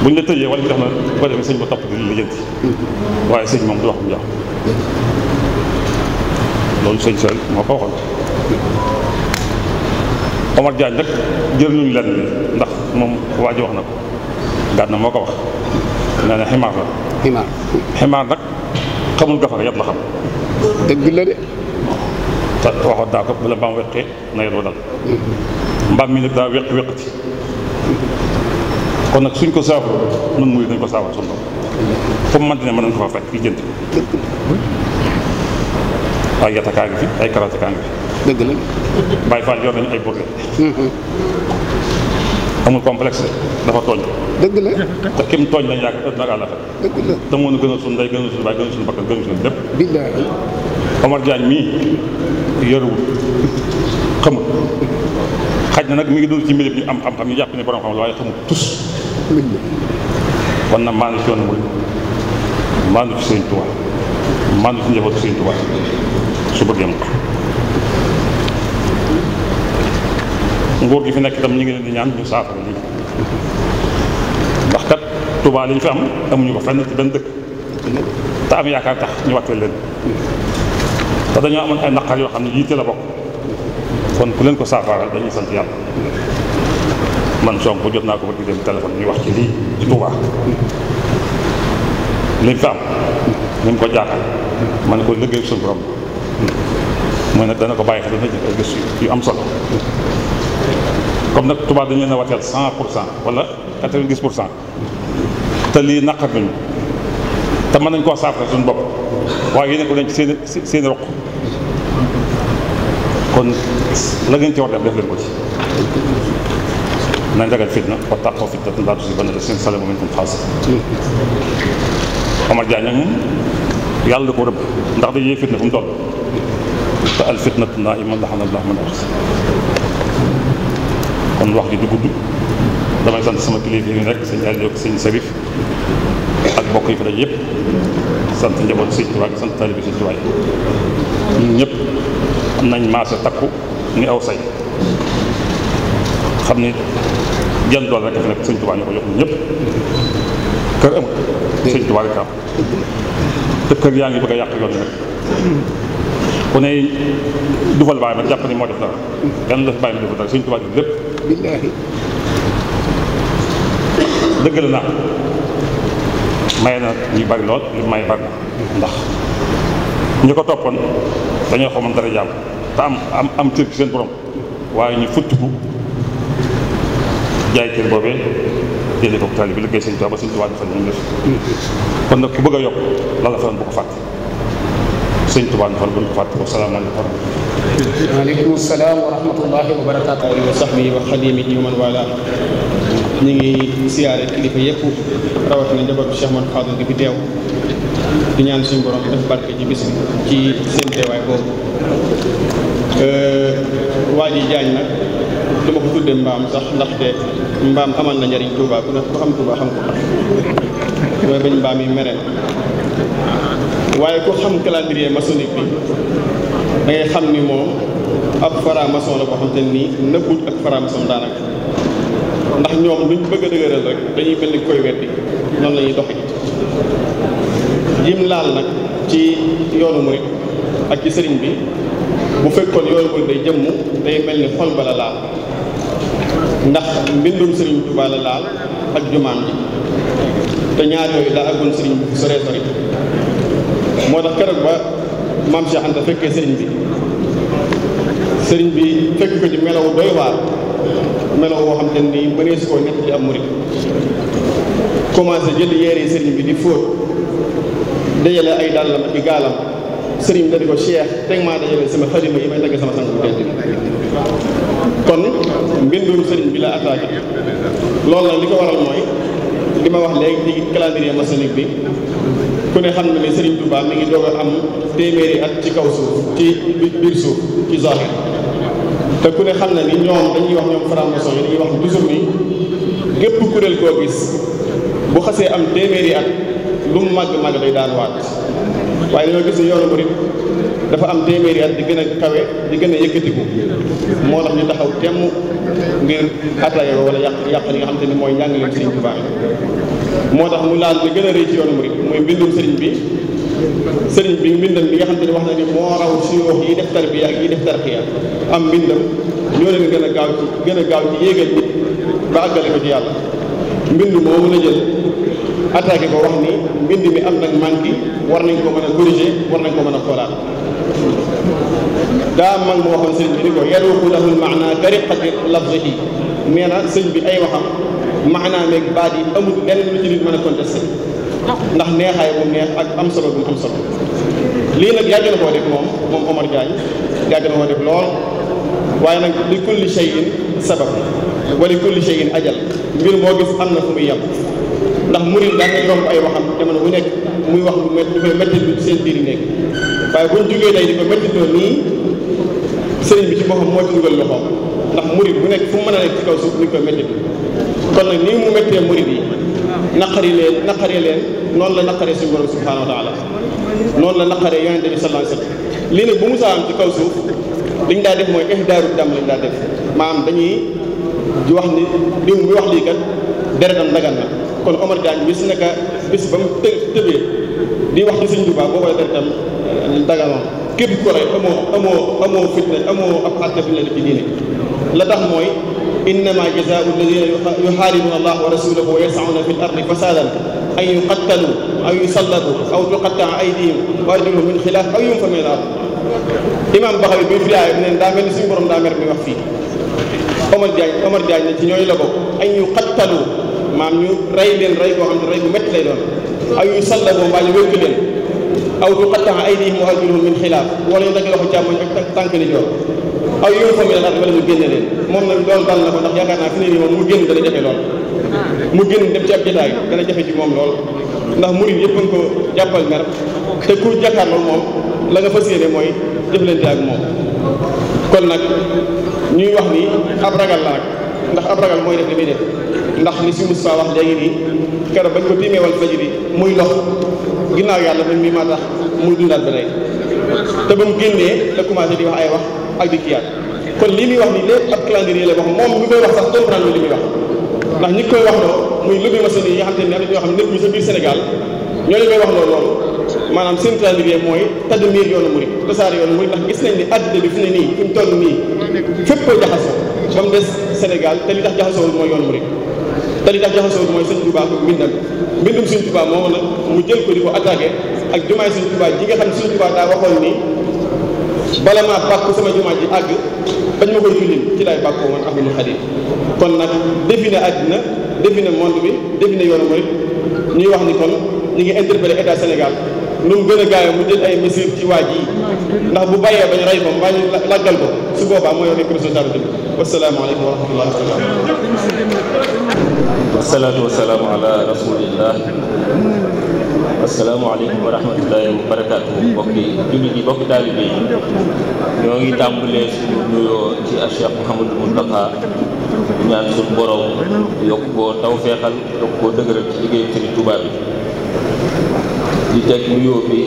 buñ la tëjee wala ñu na sëñ ba topp di mm-hmm. waaye sëñ moom du wax njaxum loolu sëñ moo ko waxoon Omar Diagne nag jëriñuñ lenn li ndax moom waa ji wax na ko na moo ko wax nee na ximaar la ximaar ximaar nag xamul gafaka yat la xam de te waxoon daa bala mbaam weqee na yet mm-hmm. mbaam mi nag daa weq weqati kon nag suñ ko saafara nun muy dañ ko saafara suñ bopp comme man dina mën na ko fa fekk fii jënd ay yatakaa ngi fi ay karatakaa ngi fi. dëgg la. Baye Fall yor nañu ay burle. amul complexe dafa tooñ. dëgg la te kim tooñ lañ yaakaar ëpp na àll fa. dëgg la te moo ñu gënal suñu ndey gënal suñu baay gënal suñu bakkan gënal suñu lépp. billaahi Omar Diagne mii yorewul xamul xaj na nag mi ngi dund ci milieu bi ñu am xam-xam ñu jàpp ne borom xam la waaye xamul tus. kon nag maanu ci yoon wul maanu ci Sëriñ Tuubaa man ci njabootu Sëriñ Tuubaa gi fi nekk itam ñu di ñaan ñu saafara lii ndax kat Tuubaa am amuñu ko fenn ci yaakaar tax ñu wàccee leen te dañoo ay naqar yoo xam ne yitte la bokk ku ko saafara dañuy sant yàlla man jot naa ko ba di dem téléphone wax ci lii ci Tuubaa li ñu am ni mu ko jaaxal man ko liggéey suñu borom mooy ne dana ko bàyyi xel dana jël ay gëstu yu am solo comme nag tubaab dañ leen a wateel cent pour cent wala quatre-vingt-dix pour cent te lii naqar nañu te mën nañ koo saafara suñu bopp waaye yéen ko leen ci seen seen roq kon la ngeen ci war def def leen ko ci nañ ragal fitna wa taqoo fitna laa tusiibanna llaziina zalamu minkum xaasatan Omar Diagne ñooñu yàlla da ko rëbb ndax dañuy fitna fu mu toll te al fitnatu naa iman laxana allah man ars kon wax ji du damay sant sama kilifa yi rek sëñ Aliou ak sëñ Sarif ak bokk yi fa daje yëpp sant njaboot sëñ Tuubaa sant taalibi sëñ Tuubaa ñun nañ maase takku ni aw xam ni jan dool rek a fi nekk sëñ Tuubaa ñu ko sëñ Tuubaa rek am dëkkër yaa ngi bëgg a yàq yoon nag ku ne dufal bàyyi ma jàpp ni moo def dara kenn la fi bàyyi ma def dara sëñ Tuubaa def lépp dëggal na may na ñu bari lool li may bari na ndax ñi ko toppoon dañoo xamoon dara jàmm te am am am cër seen borom waaye ñu futtiku jaay cër boobee yéene ko taalibe bi liggéey sëñ Tuubaa ba sëñ Tuubaa defal ñu def kon nag ku bëgg a yokk la la fanoon bu ko fàtte sëñ Tuubaa ñu fan bu ñu ko fàtte ko salaamaaleykum waaleykum salaam wa rahmatullahi wa barakaatu wa sahbihi wa xadimihi wa man wala ñu ngi siyaare kilifa yëpp rawatina njabootu Cheikh Ahmadou Fadal gi fi teew di ñaan suñu borom def barke ci bis ci seen teewaay boobu euh, waa ji jaañ nag du ma ko tuddee mbaam sax ndaxte mbaam amal na njariñ Touba ku ne ko xam Touba xam ko xam calendrier maçonnique xam ni moom ab franc la ko xam te nii nëbbut ak franc daanaka ndax ñoom luñ bëgg a dëgëral rek dañuy mel ni koy weddi noonu la ñuy doxi yim laal nag ci yoonu murit ak ci sëriñ bi bu fekkoon yoonu murit day jëmm day mel ni xol bala laal ndax mbindum sëriñ Tuubaa la laal ak jumaan ji te ñaar yooyu daa àggoon sëriñ bi bu sore moo tax keroog ba maam Cheikh Anta fekkee sëriñ bi sëriñ bi fekk ko ci melaw doy waar melaw woo xam te nii mënees koo nekk ci am murit commencé jël yeere sëriñ bi di fóot dajale ay dàllam ak i gaalam sëriñ bi da di ko Cheikh teg maa dajale sama xalima yi may dagg sama sang bu kon mbindum sëriñ bi la attaqué loolu nag li ko waral mooy li ma wax léegi ci calendrier maçonnique bi ku ne xam na ne sëriñ Touba mi ngi doog a am téeméeri at ci kaw suuf ci biir suuf ci zahir te ku ne xam na ni ñoom dañuy wax ñoom franc-maçon yi dañuy wax toujours ni gépp kuréel koo gis bu xasee am téeméeri at lu mu màgg màgg day daan waat waaye dañoo gis ne yoonu murit dafa am téeméeri di gën a kawe di gën a yëkkatiku moo tax ñu taxaw temm ngir attaqué wala yàq yàq li nga xam ni mooy njàngaleem Sëriñ Tuubaa moo tax mu laal li gën a ci yoonu murid muy mbindum bi sëriñ bi mbindam bi nga xam te ni wax na ni moo raw suyoox yi def tarbiya ak yi def tarqiya am mbindam ñoo gën a gaaw gën a gaaw ci yéegal nit ko yàlla mbind moomu la ko wax ni mbind mi am nag manqué war nañ ko mën a corriger war nañ ko mën a xoolaat daa man ma waxoon sëriñ bi ni ko yaluuqu lahu lmaana ka riqati lafzihi mee na sëñ bi ay waxam maanaa meeg baat yi amul lenn lu ci nit mën a contesté ndax neexaay bu neex ak am solo bu am solo lii nag yàgg na koo def moom moom Omar Diagne yàgg na koo def lool waaye nag li kulli shay'in sabab wala kulli shay'in ajal mbir moo gis am na fu muy yem ndax murid daa koy ay waxam jamono bu nekk muy wax lu koy métti seen nekk waaye buñ jógee nii sëriñ bi ci boppam moo ci dugal loxoom ndax murid bu nekk fu mu mën a nekk ci kaw suuf ni koy métti kon nag nii mu méttee murid yi naqari leen naqari leen noonu la naqaree suñu borom subhanahu wa taala noonu la naqaree yonente bi sallallahu alayhi wa sallam lii nag bu mu saam ci kaw suuf liñ daa def mooy ihdaaru dam lañ daa def maanaam dañuy di wax ni diw mi wax lii kat deretam dagan na kon Omar Diagne bis naka bis ba mu të tëbee di wax ci suñ Tuubaa booba deretam daganoon كيف كوري امو امو امو فتنه امو افحاد في الدين لا تخ موي انما جزاء الذين يحاربون الله ورسوله ويسعون في الارض فسادا ان يقتلوا او يسلطوا او تقطع ايديهم وارجلهم من خلاف او ينفوا من الارض امام بخاري بن فلاي بن دامل سي بروم دامر بي وخ في عمر جاي عمر جاي نتي نوي لاكو ان يقتلوا مام ني راي لين راي بو خاندي راي او يسلطوا ما يوكلين aw tuqatta'a aydihim wa arjuluhum min xilaaf wala ñu dagg loxo càmmoñ ak tànk ni joor aw yoon foofu la daal wala mu génne leen moom nag loolu dal na ko ndax yaakaar naa fi nii moom mu génn dem ci ab jotaay jafe ci moom lool ndax murid yëpp a ngi ko jàppal mer te ku jàkkaarloo moom la nga fa yéene mooy jëflante ak moom kon nag ñuy wax ni ab ragal la ndax ab ragal mooy def li muy ndax li si Moussa wax léegi nii keroog bañ ko tiimee wal fajiri muy lox ginnaaw yàlla ba mi ma tax muy dundaat ba léegi te ba mu génnee la commencé di wax ay wax ak di kiyaat kon lii muy wax nii lépp ab calendrier la wax moom mi koy wax sax comprendre li muy wax ndax ñi koy wax loo muy lobby maçonnique yi nga xam te ne am na ñoo xam ne nit ñi sa biir Sénégal ñoo leen koy wax loo loolu maanaam seen calendrier mooy tadmir yoonu murid tasaare yoonu murid ndax gis ba mu des Sénégal moom nag mu jël ko di ko attaqué ak jumaay suñu Tuubaa ji nga xam ne suñu Tuubaa daa waxoon ni bala maa bàkku sama jumaa ji àgg bañ ma koy jullit ci laay bàkkoo man Abdul Xaadir kon nag defi na àddina defi na monde bi defi na yoonu murit ñuy wax ni kon ñu ngi interpellé état Sénégal lu gën a gaaw mu jël ay mesures ci waa ji ndax bu bàyyee bañ rey ko mbaa ñu laggal ko su boobaa mooy rek responsabilité bi wasalaamaaleykum wa rahmatullahi wa barakatu wasalaatu asalaamaaleykum wa rahmatullahi wa barakaatu mbokki jullit yi mbokki taalibe ñoo ngi tàmbalee suñu nuyoo ci Cheikh Mouhamadou Mountakha ñaan suñu borom yokk koo tawfeexal yokk koo dëgëral ci liggéey Sëriñ Touba bi di teg nuyoo bi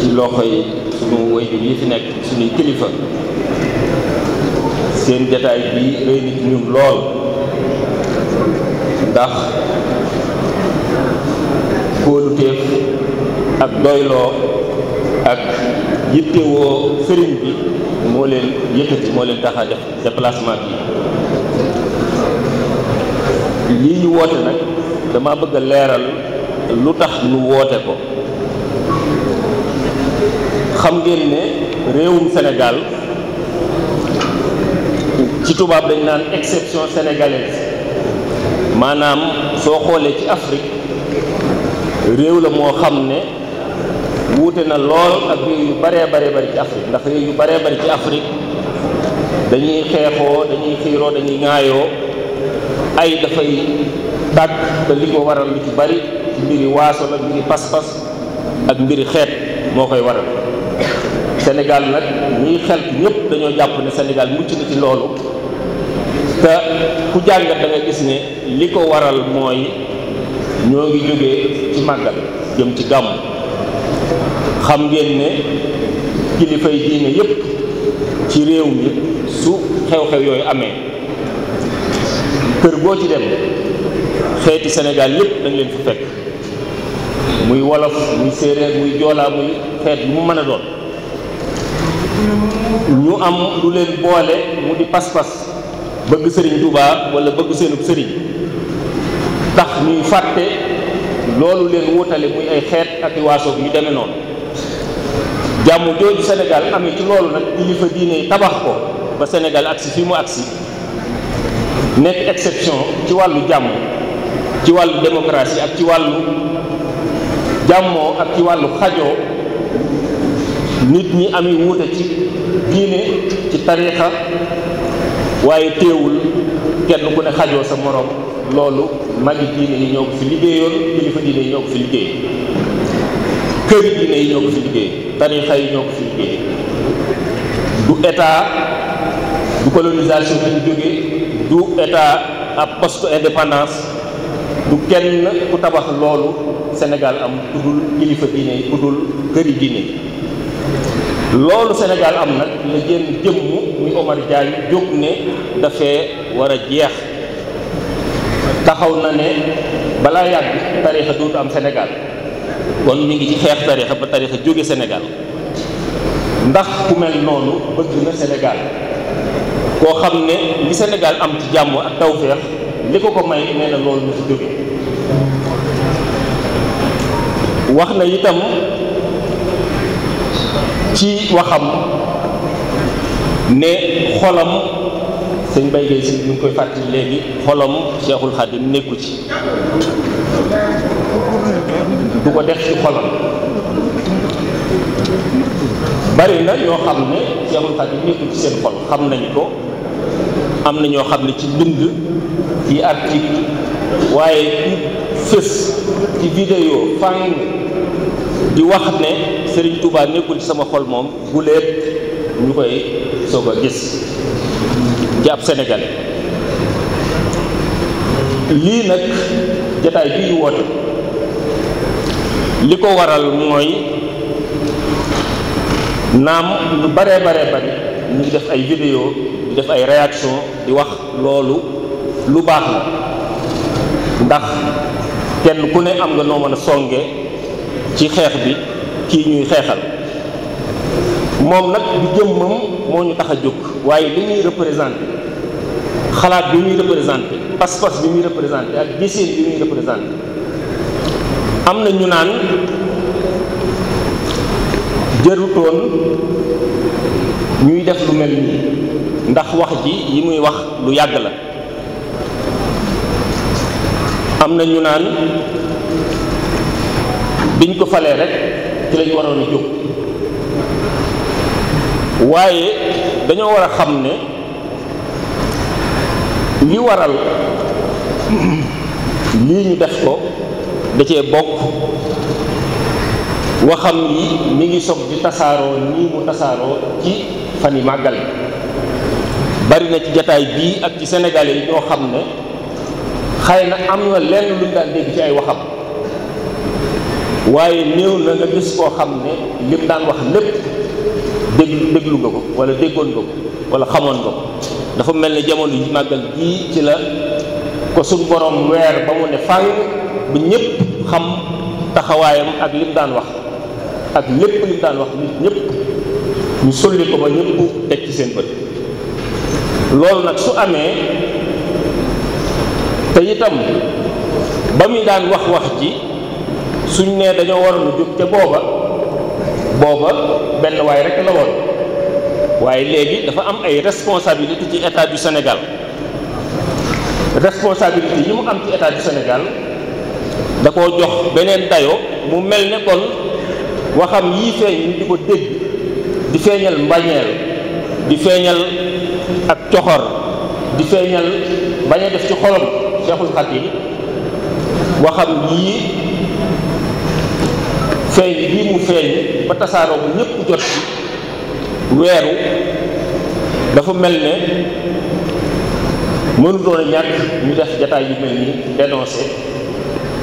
ci loxo yi suñu wayjur yi fi nekk suñuy kilifa seen jataay bi rëy nit ñun lool ndax kóolutee ak doyloo ak yittewoo sëriñ bi moo leen yëkkati moo leen tax a def déplacement bi lii ñu woote nag dama bëgg a leeral lu tax ñu woote ko xam ngeen ne réewum Sénégal ci tubaab dañ naan exception sénégalaise maanaam soo xoolee ci Afrique réew la moo xam ne wuute na lool ak réew yu baree baree bari ci Afrique ndax réew yu baree bari ci Afrique dañuy xeexoo dañuy xiiroo dañuy ŋaayoo ay dafay tàkk te li ko waral lu ci bari mbiri waaso la mbiri pas-pas ak mbiri xeet moo koy waral Sénégal nag ñuy xel ñëpp dañoo jàpp ni senegal mucc na ci loolu te ku jàngat da gis ne li ko waral mooy ñoo ngi jógee ci màggal jëm ci gàmmu xam ngeen ne kilifay diine yépp ci réew mi su xew-xew yooyu amee kër boo ci dem xeeti senegal yépp dañ leen fa fekk muy wolof muy séeréer muy joolaa muy xeet lu mu mën a doon ñu am lu leen boole mu di pas-pas bëgg sëriñ Touba wala bëgg seenub sëriñ tax ñuy fàtte loolu leen wutale muy ay xeet ak i waasoog yu demee noonu jàmm jooju Sénégal amee ci loolu nag kilifa diine tabax ko ba Sénégal agsi fii mu agsi nekk exception ci wàllu jàmm ci wàllu démocratie ak ci wàllu jàmmoo ak ci wàllu xajoo nit ñi amee wuute ci diine waaye teewul kenn ku ne xajoo sa moroom loolu magi diine yi ñoo ko fi liggéeyoon kilifa diine yi ñoo ko fi liggéey kër yi diine yi ñoo ko fi liggéey tarixa yi ñoo ko fi liggéey du état du colonisation bi ñu du état ab poste indépendance du kenn ku tabax loolu Sénégal am ku dul kilifa diine yi ku dul këri diine loolu Sénégal am nag la jën jëmm mi Omar Diagne jóg ne dafee war a jeex taxaw na ne balaa yàgg tarixa dootu am Sénégal kon mi ngi ci xeex tarixa ba tarixa jóge Sénégal ndax ku mel noonu bëgg na Sénégal koo xam ne li Sénégal am ci jàmm ak tawféex li ko ko may nee na loolu na fi jóge wax na itam ci waxam ne xolam sëñ Baye Gueye si ñu koy fàttali léegi xolam seexul Khadim nekku ci du ko def ci xolam bari na ñoo xam ne Seexul Xadiim nekkul ci seen xol xam nañ ko am na ñoo xam ne ci bind ci article waaye ci fës ci vidéo fang di wax ne Serigne Touba nekkul ci sama xol moom bu ñu koy soog a gis ci ab sénégalais lii nag jataay bii woote li ko waral mooy naam lu baree baree bari ñu def ay vidéo di def ay réaction di wax loolu lu baax la ndax kenn ku ne am nga noo mën a songe ci xeex bi kii ñuy xeexal moom nag du jëmmam moo ñu tax a jóg waaye li muy représenté xalaat bi muy représenté pas-pas bi muy représenté ak gisin bi muy représenté am na ñu naan jërutoon ñuy def lu mel nii ndax wax ji yi muy wax lu yàgg la am na ñu naan biñ ko falee rek ci lañ waroon a jóg waaye dañoo war a xam ne li waral lii ñu def ko da bokk waxam yi mi ngi soog di tasaaroo nii mu tasaaroo ci fan yi màggal bari na ci jataay bii ak ci sénégalais yi ñoo xam ne xëy na am na lenn luñ daan dégg ci ay waxam waaye néew na nga gis koo xam ne lim daan wax lépp dégg déglu nga ko wala déggoon nga ko wala xamoon nga ko dafa mel ne jamono yi màggal bii ci la ko suñ borom weer ba mu ne fàng bu ñëpp xam taxawaayam ak lim daan wax ak lépp li mu daan wax nit ñëpp ñu solli ko ba ñëpp teg ci seen bët loolu nag su amee te itam ba muy daan wax wax ji suñ nee dañoo waroon a jóg te booba booba benn waay rek la woon waaye léegi dafa am ay responsabilité ci état du Sénégal responsabilité yi mu am ci état du Sénégal da koo jox beneen dayo mu mel ne kon waxam yii feeñ ñu di ko dégg di feeñal mbañeel di feeñal ak coxor di feeñal bañ def ci xolam Cheikhul Khadim waxam yii feeñ bii mu feeñ ba tasaaroo bu ñëpp jot ci weeru dafa mel ne mënutoon a ñàkk ñu def jataay yu mel ni dénoncé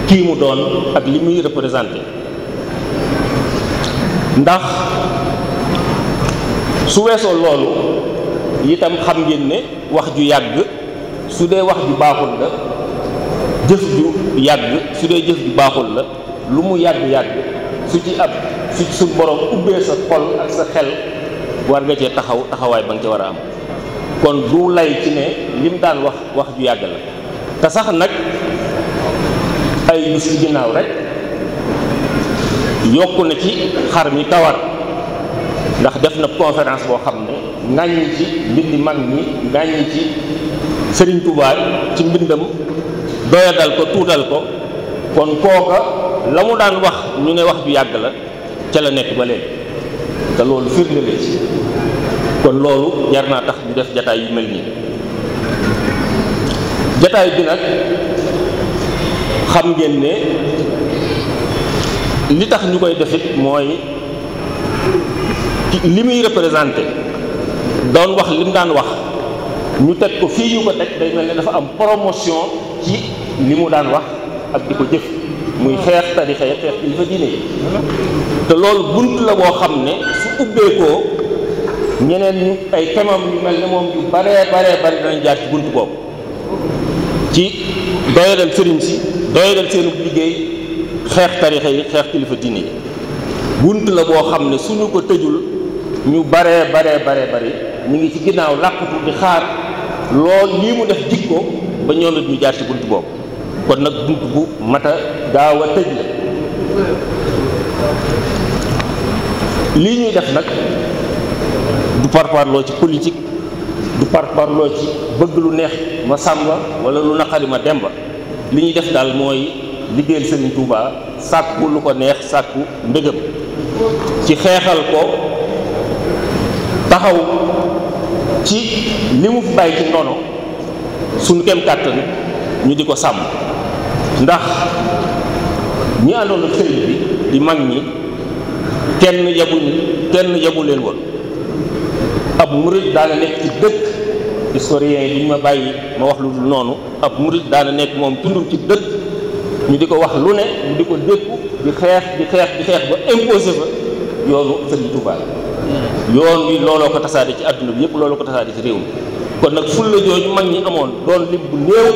kii mu doon ak li muy ndax su weesoo loolu itam xam ngeen ne wax ju yàgg su dee wax ju baaxul la jëf ju yàgg su dee jëf ju baaxul la lu mu yàgg-yàgg su ci ab su ci suñ ubbee sa xol ak sa xel war nga cee taxaw taxawaay ba nga ci war a am kon du lay ci ne lim daan wax wax ju yàgg la te sax nag ay bis ci ginnaaw rek yokk na ci xar mi kawar ndax def na conférence boo xam ne ngàññi ci mbind mag ñi ngàññi ci sëriñ Tuubaa ci mbindam doyadal ko tuutal ko kon kooka la mu daan wax ñu ne wax bu yàgg la ca la nekk ba léegi te loolu firnde la ci kon loolu jar naa tax ñu def jataay yu mel nii jataay bi nag xam ngeen li tax ñu koy defit mooy li muy représenté doon wax li mu daan wax ñu teg ko fii ñu ko teg day mel ne dafa am promotion ci li mu daan wax ak di ko jëf muy xeex tarixa ya xeex kilifa diine yi te loolu bunt la boo xam ne su ubbeekoo ñeneen ñu ay temam ñu mel ne moom yu baree baree bari jaar ci bunt boobu ci doyadal sëriñ si doyadal seenu liggéey xeex tarixa yi xeex kilifa diine yi bunt la boo xam ne suñu ko tëjul ñu baree baree baree bari ñu ngi ci ginnaaw làqatu di xaar lool lii mu def jikko ba ñoom it ñu jaar ci bunt boobu kon nag bunt bu mat a gaaw a tëj la lii ñuy def nag du parparloo ci politique du parparloo ci bëgg lu neex ma sàmba wala lu naqari ma demba li ñuy def daal mooy liggéeyal Sëriñ Tuubaa sàkku lu ko neex sàkku mbégam ci xeexal ko taxaw ci li mu fi bàyyi ci noonu suñu kem kàttan ñu di ko sàmm ndax ñi àndoon ak sëriñ bi di mag ñi kenn yabuñ kenn yabu leen woon ab murid daana nekk ci dëkk historien yi duñ ma bàyyi ma wax lu dul noonu ab murid daana nekk moom tundum ci dëkk ñu di ko wax lu ne ñu di ko dékku di xeex di xeex di xeex ba imposé fa yoonu sëriñ Tuubaa yoon wi looloo ko tasaare ci àdduna bi yëpp looloo ko tasaare ci réew mi kon nag fulla jooju mag ñi amoon doon lim bu néew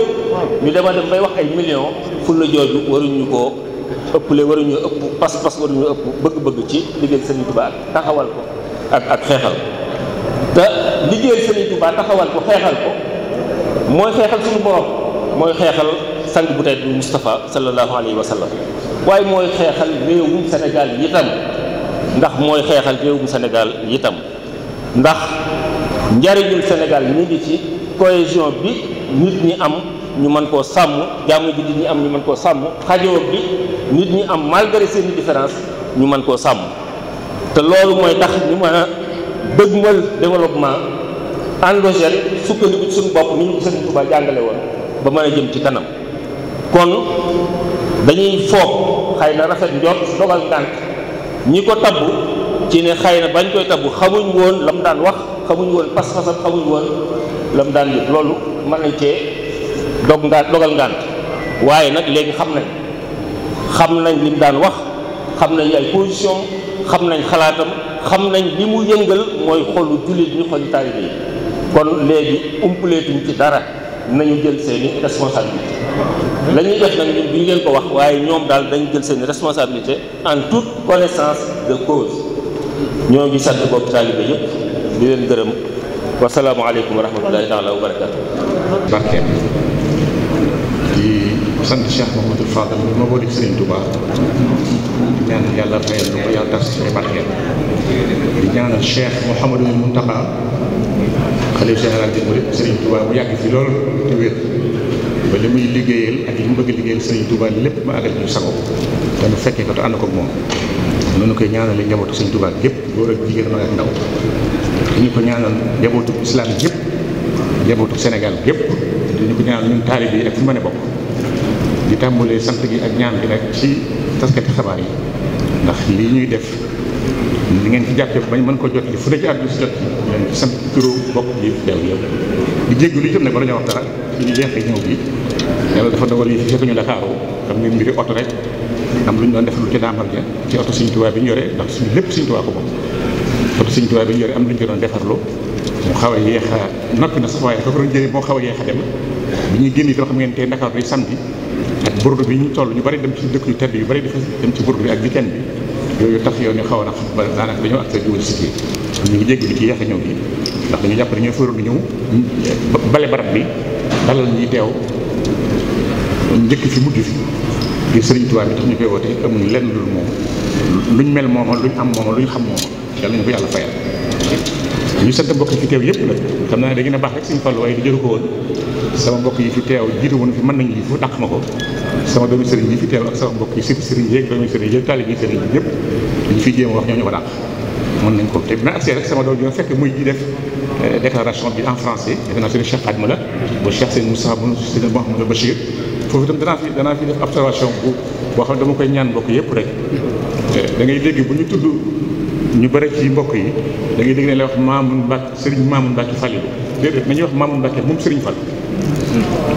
ñu dema dem bay wax ay millions fulla jooju waruñu koo ëppale waruñu ëpp pas-pas waruñu ëpp bëgg-bëgg ci liggéey sëriñ Tuubaa taxawal ko ak ak xeexal te liggéey sëriñ Tuubaa taxawal ko xeexal ko mooy xeexal suñu borom mooy xeexal sang bu tey bi Moustapha sallallahu alayhi wa sallam waaye mooy xeexal réewum Sénégal yitam ndax mooy xeexal réewum Sénégal yitam ndax njariñul Sénégal mi ngi ci cohésion bi nit ñi am ñu mën koo sàmm jàmm ji nit ñi am ñu mën koo sàmm xajoo bi nit ñi am malgré seeni différence ñu mën koo sàmm te loolu mooy tax ñu mën a dëgmal développement endogène sukkandiku suñ suñu bopp ni ñu ko Sëriñ jàngale woon ba mën a jëm ci kanam kon dañuy foog xëy na rafet njort dogal ngànt ñi ko tabb ci ne xëy na bañ koy tabb xamuñ woon la mu daan wax xamuñ woon pas-pasam xamuñ woon la mu daan yëpp loolu mën nañ cee dog nga dogal ngànt waaye nag léegi xam nañ xam nañ li mu daan wax xam nañ ay position xam nañ xalaatam xam nañ li mu yëngal mooy xolu jullit ñu xolu taalibe yi kon léegi umpaleetuñ ci dara nañu jël seeni responsabilité lañu def nak ñu bi leen ko wax waye ñom dal dañ jël seen responsabilité en toute connaissance de cause ñom bi sant bokk talibé yëpp di leen gërëm wa alaykum wa rahmatullahi taala wa barakatuh barké di sant Cheikh Mouhamadou Fadal mo bo di Serigne Touba di ñaan yàlla fayal lu ko yàlla tax ci barké di ñaan Cheikh Mouhamadou muntaha khalifa général di Mouride Serigne Touba bu yàgg ci lool te wér ba li muy liggéeyal ak li mu bëgg a liggéeyal sëriñ Touba lépp ma àggal ñu sago te nu fekkee ko te ànd koog moom noonu koy ñaanale njabootu sëriñ Touba gépp góor ak jigéen mag ak ndaw dañu ko ñaanal njabootu islam gépp njabootu Sénégal gépp dañu ko ñaanal ñun taalib yi ak fu mën a bokk di tàmbalee sant gi ak ñaan gi nag ci taskati xabaar yi ndax lii ñuy def li ngeen ci jàppee bañ mën ko jot li fu ne ci àdduna si jot di sant turu bokk yi teew yëpp di jéggu lu jëm ne ba dañoo wax dara ñu jeexee ñëw bi yàlla dafa dogal ñu Ndakaaru xam nga mbiri oto rek am lu ñu def lu ci daamar ja ci oto Sëriñ bi ñu yore ndax lépp Sëriñ Tuubaa ko moom oto Sëriñ Tuubaa bi ñu am lu ñu ko doon defarlu mu xaw a yéex na sax waaye dafa doon xaw a yéex a dem bi ñuy génn xam ngeen tey Ndakaaru day samedi ak burdu bi ñu toll ñu bari dem ci dëkk yu tedd yu ci burdu bi ak yooyu tax yoon ñu xaw a na daanaka dañoo ak sa jiwal si ñu ngi jégg li ci yéex a ñëw bi ndax dañu jàpp dañoo fëroon ñëw bale barab bi dalal ñuy teew njëkk fi mujj fi ngir sëriñ Tuubaa bi tax ñu koy woote amuñu lenn lu moom luñ mel mooma luñ am mooma luñ xam mooma yàlla ñu ko yàlla fayal ñu sant mbokk yi fi teew yëpp nag xam naa ne da a baax rek suñu fàllu waaye di jëru ko woon sama mbokk yi fi teew jiitu woon fi mën nañu fi fu dàq ma ko sama doomi sëriñ yi fi teew ak sama mbokk yi sëriñ sëriñ yeeg doomi sëriñ yeeg taalibe yi sëriñ yi ñëpp ñu fi jéem mën nañ ko te bi ma agsee rek sama doom ñoo fekk muy ji def euh, déclaration bi en français defe naa seen Cheikh Fatma la ba Cheikh seen Moussa bu seen Mouhamadou Bachir foofu itam danaa fi danaa fi def observation bu boo xam dama koy ñaan mbokk yëpp rek euh, da ngay dégg bu ñu tudd ñu bëri ci mbokk yi da ngay dégg ne lay wax Mamoun Mbacke Serigne Mamoun Mbacke Fallilou déedéet nañuy wax Mamoun Mbacke moom Serigne Fall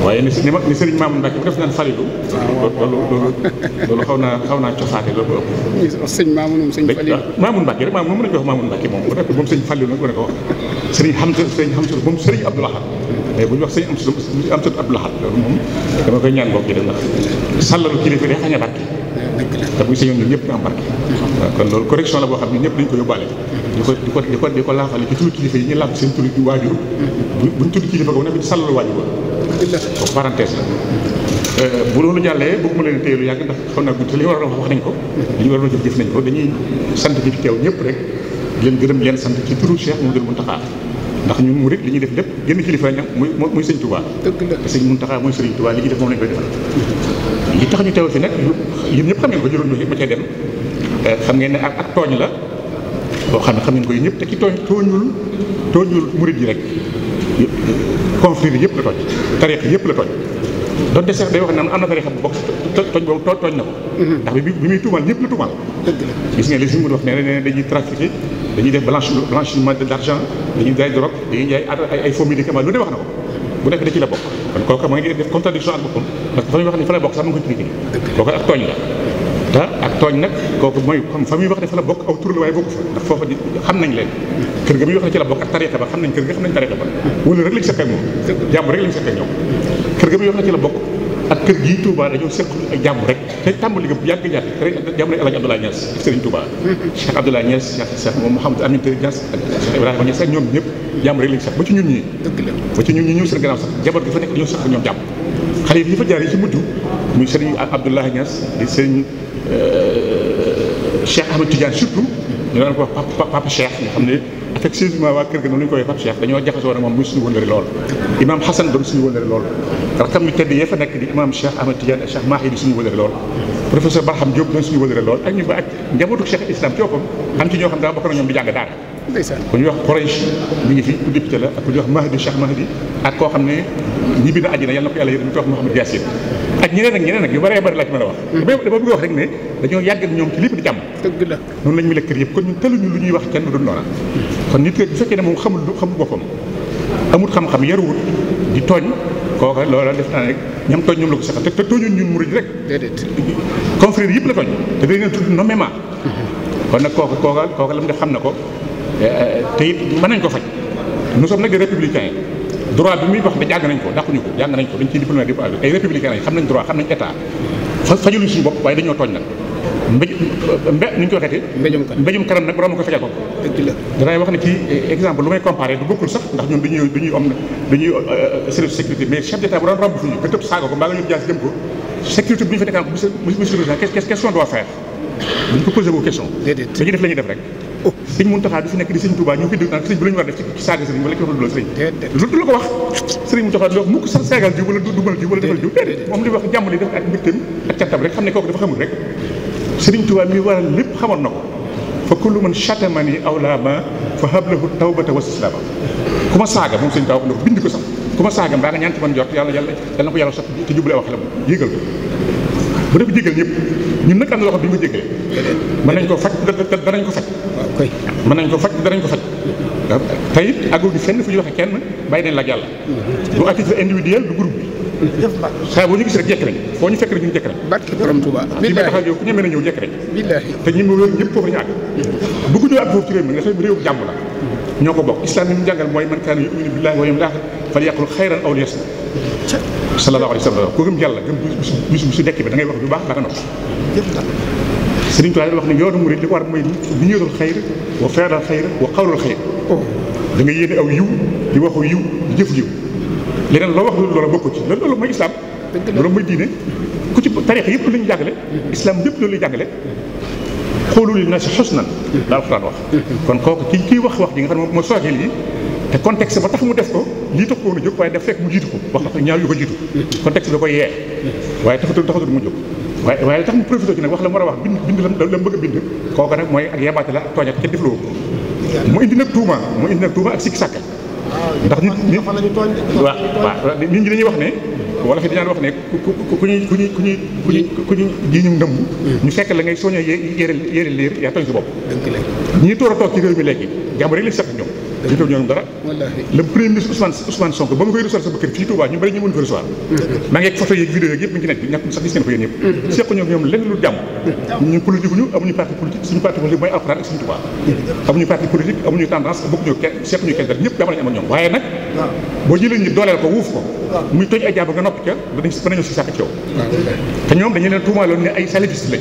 waaye ni si ni ma ni Serigne Maam Mbacke bi def naan Falilou. Ah, loolu loolu loolu xaw naa xaw naa coxaate loolu bu ëpp. sëñ Mamoun moom la ah, ñu wax Mamoun moom bu nekk moom sëñ Falilou nag war a ko wax. Serigne Hamza Serigne Hamza moom Serigne Abdou Lahad mais bu ñu wax Serigne Hamza Abdou Lahad loolu moom dama koy ñaan mbokk yi dem ndax sàllalu kilifa day xañ a barke. Eh, dëgg la te bu ñu sañoon ñun ñëpp ñu am barke. kon loolu correction la boo xam ne ñëpp dañ ko yóbbaale di ko di ko di ko di ko laafale ci turu kilifa yi ñu làmb seen turu waajur buñ tudd kilifa ko na bi sàllal waajur la euh, bu loolu jàllee bëgguma leen téye lu yàgg ndax xaw naa gudd li ñu waroon wax nañ ko li ñu waroon jëf jëf nañ ko dañuy sant bi fi teew ñëpp rek di gërëm di sant ci turu Cheikh Mouhamadoul Mountakha ndax ñun murid li ñuy def lépp génn kilifa ñam muy muy sëñ Touba te sëñ Mountakha mooy sëriñ Touba li ñuy def moom lañ koy defal li tax ñu teew fi nag yéen ñëpp xam ngeen ko juróom ñoo ma cay dem Eh, xam ngeen ne ak ak tooñ la boo xam ne xam ko yi ñëpp te ki tooñ tooñul tooñul murit yi rek conflit yëpp la tooñ tariix yëpp la tooñ donte sax day wax ne am na tariixa bu tooñ boobu tooñ na ko mm-hmm. ndax bi bi muy tuumal ñëpp la tuumal gis ngeen li suñu mën wax ne ne dañuy trafiqué dañuy def blanchiment d'argent dañuy jaay drogue dañuy jaay ay faux médicament lu ne wax na ko bu nekk da ci la bokk kon kooku mooy def contradiction ak boppam parce que fa te ah, ak tooñ nag kooku mooy xam fa muy wax dafa la bokk aw tur waaye bokku fa ndax foofa xam nañ leen kër ga muy wax la ci la bokk ak tarixa ba xam nañ kër ga xam nañ tarixa ba wala rek lañ seqee rek lañ seqee ñoom kër ga muy wax la ci la bokk ak kër gii Touba rek te tàmbali ak Serigne Touba Cheikh Abdoulaye Niass Cheikh Cheikh ak ñoom ñëpp jàmm rek lañ seq ba ci ñun ñi seen gannaaw sax jabar ga fa nekk dañoo seq ñoom jàmm xale yi fa jaar yi Euh, Cheikh Ahmed Tidiane surtout ñu daan ko wax papa Cheikh nga xam ne effectivement waa kër ga noonu la ñu koy papa Cheikh dañoo jaxasoo na moom muy suñu wëllëri lool imam Hassan doon suñu wëllëri lool rakam yu tedd yee fa nekk di imam Cheikh Ahmed Tidiane ak Cheikh suñu wëllëri lool professeur Barham Diop doon suñu wëllëri lool ak ñu ba ak njabootu Cheikh Islam ci boppam am ci ñoo xam daa bokk ñoom di jàng daara ku ñuy wax Quraysh mi ngi fi ku koo xam ne ñibbi na àjjana yàlla ak ñeneen ak ñeneen nag yu bëree bëri laa ci mën a wax mm. dama bëgg wax rek ne dañoo yàgg ñoom ci lépp di jàmm dëgg la noonu lañ mu lekkër yëpp kon ñun tëluñu lu ñuy wax kenn du noona mm. kon nit ki bu fekkee ne moom xamul xamul boppam amut xam-xam yaruwut di tooñ kooka loola def la ko saxal te tooñun ñun murid rek confrère yëpp la tooñ te dañ leen tudd mm-hmm. kon nag kooka kooka kooka la mu def xam na ko eh, eh, te it mën nañ ko faj nous sommes nag des républicains droit bi muy wax ne jàng nañ ko dàquñu ko jàng nañ ko dañ ciy diplômé di ay républicain lañ xam nañ droit xam nañ état fajaluñ suñu wax ne ci exemple lu may comparé du bokkul sax ndax ñun dañuy dañuy am dañuy euh, sécurité mais chef d'état bu daan romb suñu nga tëb saaga ko mbaa nga yóbbu jaas jëm ko sécurité bi ñu fa nekaan ko monsieur le président question doit faire dañ ko posé boo question dañuy def la ñuy def rek sëñ Muntaxa du fi nekk di sëñ Touba ñu fi di naan sëñ bi la ñu war def ci saaga sëriñ wala ci wax lu dul sëriñ du la ko wax sëriñ Muntaxa di wax mukk sa saagal jiw wala wax jàmm na ko fa man chatamani awlama fa hablahu ma saaga moom sëñ Touba ko bind ko sax ku ma saaga mbaa nga ñaan ci man jot yàlla yàlla yàlla na ko yàlla sax te jubale aw xelam yégal ko bu def jégal ñëpp ñun nag am na loo xam bi ñu ko jégalee mën ko faj danañ ko faj koy ko faj danañ ko faj tayit agul di fenn fu ñu waxe kenn bàyyi nañ la yàlla mhm. du activité individuelle du groupe saa boo ñu gis rek jekk nañ foo ñu fekk rek ñu jekk nañ barke borom touba ci ma taxal yow ku ñeme na ñëw jekk nañ billahi te ñi mu wër ñëpp foofu ñu àgg mhm. bëggu ñu àgg foofu ci réew mi nga xam réew jàmm la mhm. ñoo ko islam ni mu jàngal mooy man kaanu yu'minu billahi wa yawmil akhir falyaqul khayran aw liyasmut sallallahu alayhi wasallam ko gëm yàlla gëm bis bu si dekk bi da ngay wax baax da nga nopp سرينتو عليه وحنا يوم مريد وار مريد نير الخير وفعل الخير وقول الخير لما يين أو يو يوخو يو يجف يو لأن الله وحده لولا بكوت لأن الله ما إسلام لولا ما يدينه كوت تاريخ يب كلن يجعله إسلام يب كلن يجعله قولوا للناس حسنا لا أفراد وح كن كوك كي كي وح وح دينه مسوا هني الكونتكس ما تفهمه دفعه لي تقول نجوك وين دفعك مجدوك وح نيا يو مجدوك كونتكس دفعه يه وين تفتح تفتح مجدوك waaye waaye tax mu profité ci nag wax la mu war a wax bind bind la la bëgg a bind kooku nag mooy ak yabaate la ak tooñat kenn defloo mu indi nag tuuma mu indi nag tuuma ak sikki sàkka ndax nit ñi waaw waaw nit ñi dañuy wax ne wala fi dañaan wax ne ku ku ñuy ku ñuy ku ñuy ku ñuy ku ñuy ji ñu ndëmb ñu fekk la ngay sooño yére yére liir yaa tooñ si bopp ñii tóor a toog ci réew mi léegi jàmm rek li sax ñoom dañu toog ñoom dara le premier ministre Ousmane Ousmane Sonko ba ma koy recevoir sama kër fii Touba ñu bari ñu mën fa recevoir maa ngi ak photo yeeg vidéo yeeg yëpp mi ngi yëpp ñu politique suñu parti politique mooy Alxuraan ak suñu Touba amuñu parti politique amuñu tendance bokk kenn seq ñu kenn dara ñëpp jàmm lañu ñoom waaye nag boo jëlee ñu dooleel ko wuuf ko muy toj ay jàmm nga noppi ca danañ si sàkk ci te ñoom dañu leen tuumaaloon ne ay salafiste lañ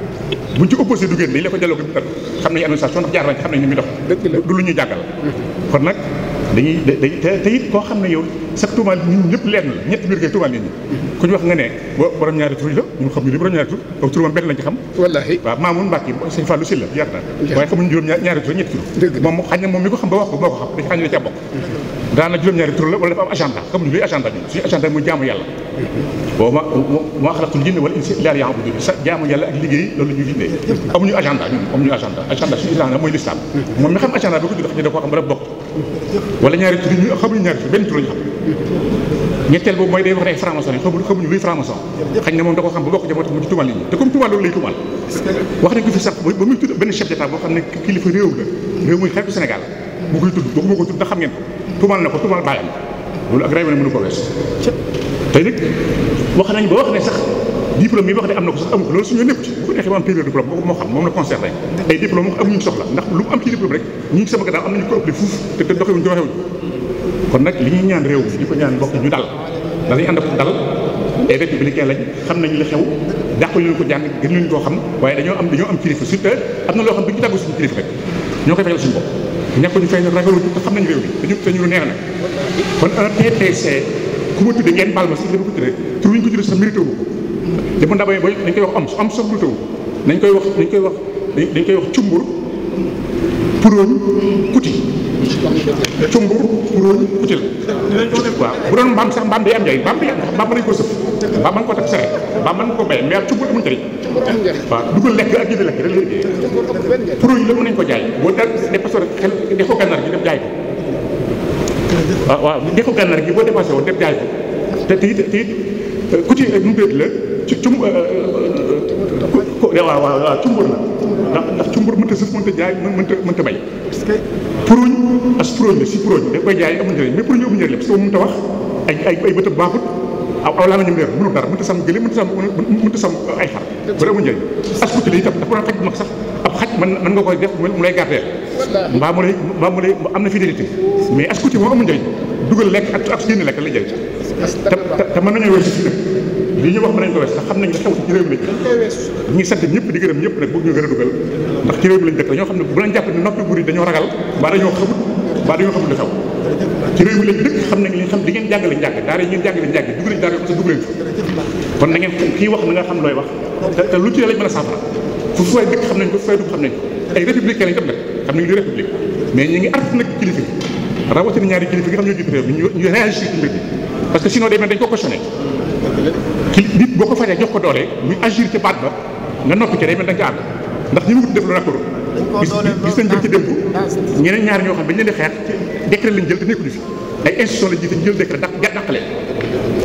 bu ci opposé du génn dañ la ko delloo ko xam nañu administration ndax jaar nañ xam nañ ni muy dox. du lu ñuy jàngal kon nag dañuy dañuy te te it koo xam ne yow sax tuumaal ñëpp lenn la ñetti ñu wax nga ne bo borom ñaari tur yi la ñun xam ñu li borom ñaari moom benn lañ ci xam wallaahi waaw Maamun Mbàkke sëñ Fallou si la yar na waaye xamuñu juróom ñaari tur ñetti tur moom xañ na moom mi ko moo ko xam am agenda xamuñu luy ñun amuñu agenda agenda agenda suñu agenda mooy lislaam hmm. moom mi xam agenda bi ko jur xam ne da koo xam ba bokk wala ñaari tur ñu xamuñu ñaari tur benn tur lañu xam ñetteel boobu mooy day wax ne ay franc-maçon xamuñu xamuñu luy franc xañ na moom da ko xam ba bokk jamono mu ci tuumal nit ñi te comme tuumal loolu lay tuumal wax nañ ko fi sax ba muy tudd benn chef d'état boo xam ne kilifa réew la réew muy xaritu Sénégal bu koy tudd waxuma ko tudd ndax xam ngeen ko tuumal na ko tuumal bàyyam loolu ak ray mënu ko wees tey nag wax nañ boo wax ne sax diplôme yi wax ne am na ko sax amu ko loolu suñu lépp ci bu ko neexee ma am période diplôme boobu moo xam moom la concerné ay diplôme am ñu soxla ndax lu am ci diplôme rek ñi ngi sama gannaaw am nañu ko ëppale fuuf te te doxewuñ joxewuñ kon nag li ñuy ñaan réew mi di ko ñaan mbokk ñu dal danañ ànd ak dal ay républicain lañ xam nañ li xew dàq leen ko jàng gën leen koo xam waaye dañoo am dañoo am kilifa surtout am na loo xam bi ñu tàggu suñu kilifa rek ñoo koy fayal suñu bopp ñàkk ñu fay ragaluñu te xam nañ réew mi dañu dañu lu neex na kon un TTC ku ma tudde ngeen baal ma si li ma ko tudde tur ñu ko tudde sax mérité wu ko limu ba yi ba dañ koy wax am am soxla nañ koy wax dañ koy wax dañ koy wax cumbur puróon kuti cumbur puróon kuti la waaw bu doon mbaam sax mbaam day am njëriñ mbaam day am ndax mbaam ko sëf mbaam mën ko takk sare mbaam mën ko bay mais cumbur amul waaw dugal lekk ak jënd lekk rek la liggéey puróon nañ ko jaay boo da dépassé xel de ko gànnaar jaay ko waaw waaw def ko gànnaar gi boo dépassé woon jaay ko te te it te it kuti ak nu la ci cum euh, euh, euh, waaw waaw waaw cumbur la ndax ndax cumbur mënta sës mënta jaay mënta mënta bay parce que puróñ as puróñ la si puróñ da koy jaay amul njëriñ mais puróñ amul njëriñ parce wax ay ay ay bëtam baaxut aw aw laa ma ñu leer mënul dara mënta sàmm gële mënta sàmm mënta sàmm ay xar ba amul koy def mu lay gardeel mu lay mbaa mu lay am na fidélité mais as kuti moom amul njëriñ dugal lekk ak ak génn lekk lay jëriñ te mën nañoo wér si li ñu wax mën nañ ko wees ndax xam nañ xew ci réew mi lañ ñu sant ñëpp di gërëm ñëpp nag bëgg ñu gën a dugal ndax ci réew mi lañ dëkk dañoo xam ne bu leen jàpp ne noppi buri dañoo ragal mbaa dañoo xamut mbaa dañoo xamut li xam di ngeen jàng lañ jàng daara yi ngeen jàng lañ jàng dugg lañ daara yoo xam ne ngeen kii wax na nga xam looy wax te lu ci lañ mën a saafara fu fay dëkk xam nañ ko fay dugg xam nañ ay républicain lañ tam nag xam nañ li république mais ñu ngi art nag kilifa rawatina ñaari kilifa gi xam ñoo jiitu réew mi ñu réagir ci mbir bi parce dañ ko cautionné ki nit boo ko faree jox ko doore muy agir ca baat ba nga noppi ca day mel ndax ñu wut def lu raccord gis nañ ko ci démb ñeneen ñaar ñoo xam dañ leen di xeex ci décret lañ jël te nekkuñu fi ay institution lañ jiite ñu jël décret daq dàqale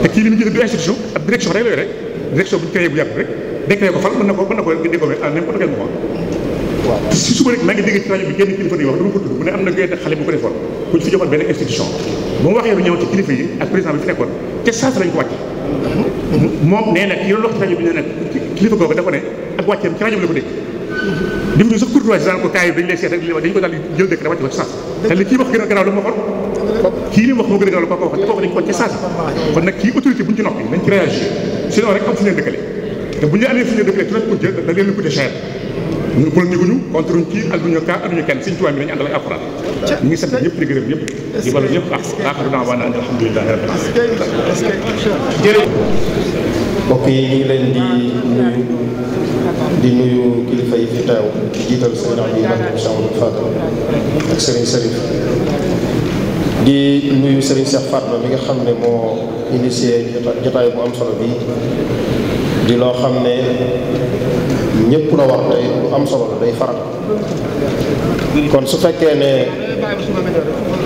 te kii li mu jiite du institution ab direction rek lay rek direction bu ñu bu yàgg rek décret ko fal mën na ko mën na ko dégommé en ah, n'importe quel si suba rek maa ngi dégg ci rajo bi génn kilifa di wax dama ko tudd mu ne am na gerte xale bu ko defoon bu ci fi joxoon benn institution bu mu waxee lu ñëw ci kilifa yi ak président bi fi nekkoon te saas lañ ko wàcce moom nee na ki loolu wax ci rajo bi nee na kilifa googu dafa ne ak wàcceem ci rajo bi la ko dégg di mu sax courtoisie daan ko kaay dañ lay seet ak dañ ko daal di jël dëkk da ko ci saas te li kii wax gën a garaaw la mu waxoon kii li wax moo gën a gaaw la kooku waxoon te kooku dañ ko ca saasi kon nag kii autorité buñ ci noppi nañ ci réagir sinon rek am fu ñu leen dëkkale te bu ñu amee fu ñu leen dëkkale ci lañ ko jël da leen ko cher ñu polémique ñu contre ñu ci adduñu kaa adduñu kenn suñu ngi sant ñëpp di ñëpp di balu ñëpp ak aaxiru yi ñu ngi leen di nuyu di nuyu kilifa yi fi teew di jiital sëriñ Abdou Mbacke bi Cheikh Amadou Fadal ak sëriñ Serif di nuyu sëriñ Cheikh Fatma mi nga xam ne moo initié jotaay bu am solo bi di loo xam ne ñëpp la war tey lu am solo la day faral kon su fekkee ne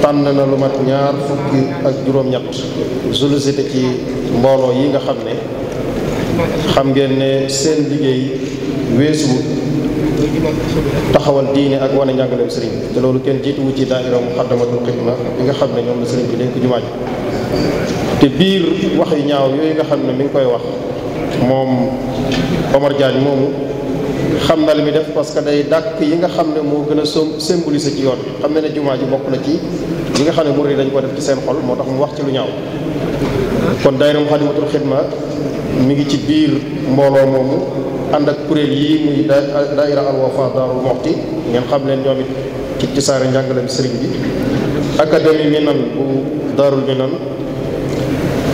tànn na lu mat ñaar fukki ak juróom-ñett sollicité ci mbooloo yi nga xam ne xam ngeen ne seen liggéey weesuwut taxawal diine ak wane njàngaleem sëriñ bi te loolu kenn jiituwu ci daaira Muxaddamatul Xidma bi nga xam ne ñoom la sëriñ bi dénk jumaa ji te biir wax yu ñaaw yooyu nga xam ne mi ngi koy wax moom Omar Diagne moomu xam na li muy def parce que day dàkk yi nga xam ne moo gën a symboliser ci yoon xam ne ne jumaa ji bokk na ci yi nga xam ne murid dañ ko def ci seen xol moo tax mu wax ci lu ñaaw kon daayira Muxaddamatul Xidma mu ngi ci biir mbooloo moomu ànd ak kuréel yi muy daayira Al Wafa Daarul Muxti ngeen xam leen ñoom it ci ci saare njàngaleem sëriñ bi académie Minan bu Daarul Minan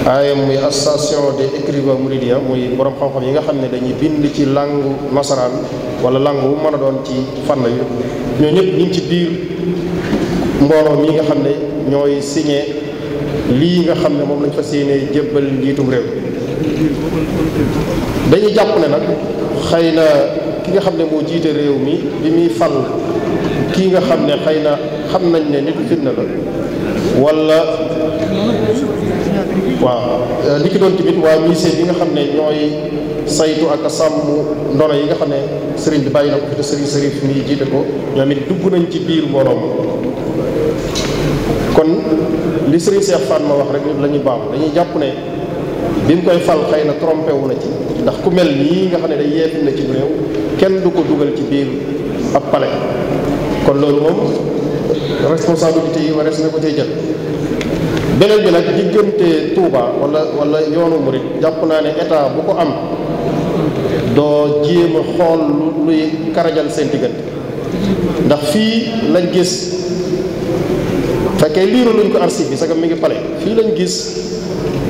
aayam muy association des écrivains mouridiens muy borom xam-xam yi nga xam ne dañuy bind ci langu nasaraan wala langu bu mën a doon ci fànn yi ñoo ñëpp ñu ci biir mbooloo mi nga xam ne ñooy signé lii nga xam ne moom lañ fas yéenee jébbal njiitum réew dañuy jàpp ne nag xëy na ki nga xam ne moo jiite réew mi bi muy fal kii nga xam ne xëy na xam nañ ne nit fitna la wala waaw euh, li ki doon tamit waa musée bi nga xam ne ñooy saytu ak sàmm ndono yi nga xam ne sëriñ bi bàyyi na ko fi te sëriñ sëriñ mi jiite ko ñoom it dugg nañ ci biir mbooloo kon li sëriñ Cheikh Fall ma wax rek ñun lañuy ñuy dañuy jàpp ne bi mu koy fal xëy na trompé wu na ci ndax ku mel nii nga xam ne day yeefin na ci réew kenn du ko dugal ci biir ab palais kon loolu moom responsabilité yi warees na ko cay jël. beneen bi nag diggante Touba wala wala yoonu murit jàpp naa ne état bu ko am doo jéem a xool lu luy karajal seen diggante ndax fii lañ gis fekkee liiru luñ ko archive bi sax mi ngi pale fii lañ gis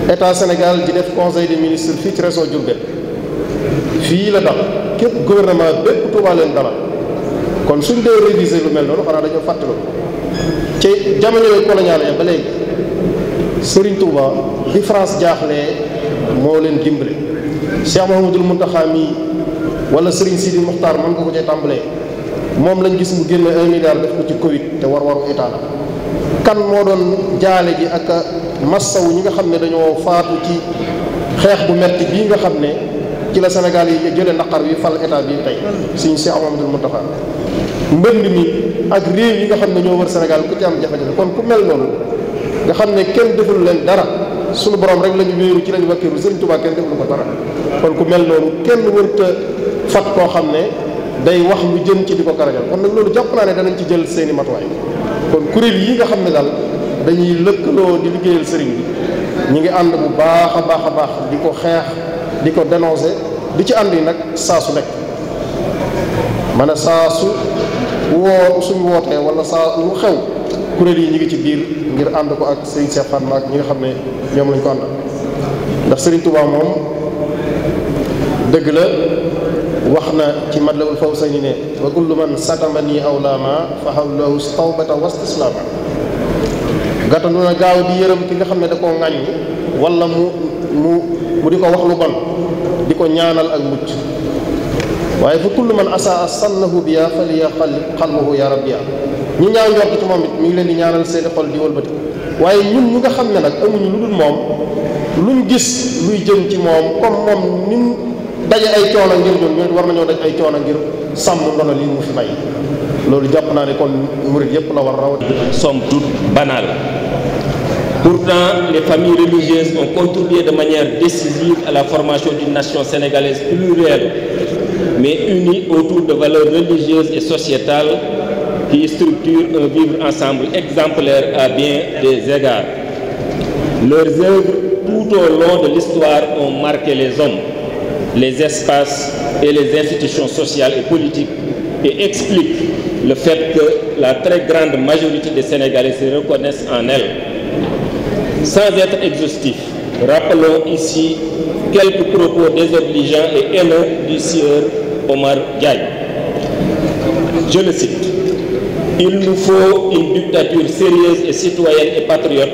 état senegal di def conseil des ministres fii ci région Diourbel fii la dax képp gouvernement bépp Touba leen dala kon suñ dee réviser lu mel noonu xanaa dañoo fàttaliku ci jamono coloniale ba léegi Serigne Touba bi France jaaxle moo leen dimbale Cheikh Mouhamadul Mountakha mi wala Serigne Sidi Mokhtar mën nga ko cee tàmbalee moom lañ gis mu génne un milliard def ko ci Covid te war waru état la kan moo doon jaale gi ak massawu ñi nga xam ne dañoo faatu ci xeex bu metti bii nga xam ne ci la Sénégal yi jële naqar bi fal état bi tey suñu Cheikh Mouhamadul Mountakha mbënd mi ak réew yi nga xam ne ñoo wër senegal ku ci am jafe-jafe kon ku mel noonu nga xam ne kenn deful leen dara suñu borom rek la ñu wéeru ci lañu wàkkiru sëriñ Tuubaa kenn deful ko dara kon ku mel noonu kenn wërta fat koo xam ne day wax lu jëm ci di ko karajal kon nag loolu jàpp naa ne danañ ci jël seeni matuwaay kon kuréel yi nga xam ne daal dañuy lëkkaloo di liggéeyal sëriñ bi ñu ngi ànd mu baax a baax a baax di ko xeex di ko dénoncer di ci ànd yi nag saa su nekk mane ne saa woo suñu wootee wala saa lu xew kurel yi ñi ngi ci biir ngir and ko ak serigne Cheikh fane ak ñi nga xamne ñom wahna lañ ko and ndax serigne Touba mom deug la waxna ci fawsa ne wa kullu man satamani awlama fa hawlahu tawbata Gata gàttandu na gaaw di yërëm ki nga xamne da ko ngagn wala mu mu mu di wax lu bon di ñaanal ak mucc waye fa kullu man asaa sannahu biya faliya qalbuhu ya rabbiya ñu Pourtant, les familles religieuses ont contribué de manière décisive à la formation d'une nation sénégalaise plurielle, mais unie autour de valeurs religieuses et sociétales qui structure un vivre ensemble exemplaire à bien des égards. Leurs œuvres tout au long de l'histoire ont marqué les hommes, les espaces et les institutions sociales et politiques et expliquent le fait que la très grande majorité des Sénégalais se reconnaissent en elles. Sans être exhaustif, rappelons ici quelques propos désobligeants et haineux du sieur Omar Gaye. Je le cite. Il nous faut une dictature sérieuse et citoyenne et patriote.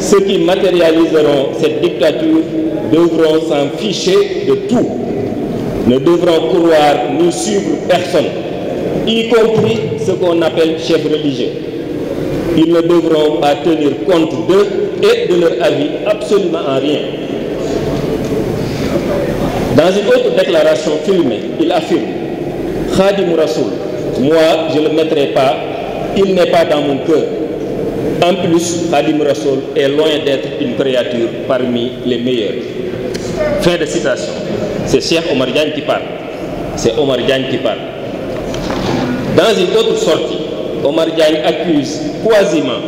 Ceux qui matérialiseront cette dictature devront s'en ficher de tout, ne devront croire ni suivre personne, y compris ce qu'on appelle chef religieux. Ils ne devront pas tenir compte d'eux et de leur avis absolument en rien. Dans une autre déclaration filmée, il affirme Khadim Rasoul moi, je ne le mettrai pas. Il n'est pas dans mon cœur. En plus, Ali Murasol est loin d'être une créature parmi les meilleures. Fin de citation. C'est Cheikh Omar Gagne qui parle. C'est Omar Diagne qui parle. Dans une autre sortie, Omar Diagne accuse quasiment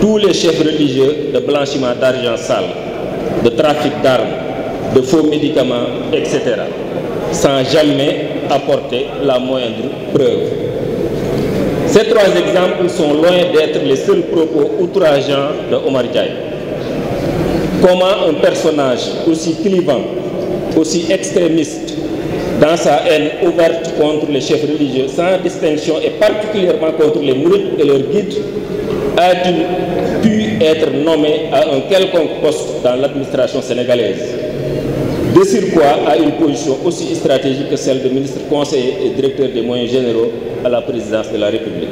tous les chefs religieux de blanchiment d'argent sale, de trafic d'armes, de faux médicaments, etc. Sans jamais apporter la moindre preuve. Ces trois exemples sont loin d'être les seuls propos outrageants de Omar Diaye. Comment un personnage aussi clivant, aussi extrémiste, dans sa haine ouverte contre les chefs religieux sans distinction et particulièrement contre les mourides et leurs guides, a-t-il pu être nommé à un quelconque poste dans l'administration sénégalaise de surcroît à une position aussi stratégique que celle de ministre conseiller et directeur des moyens généraux à la présidence de la République.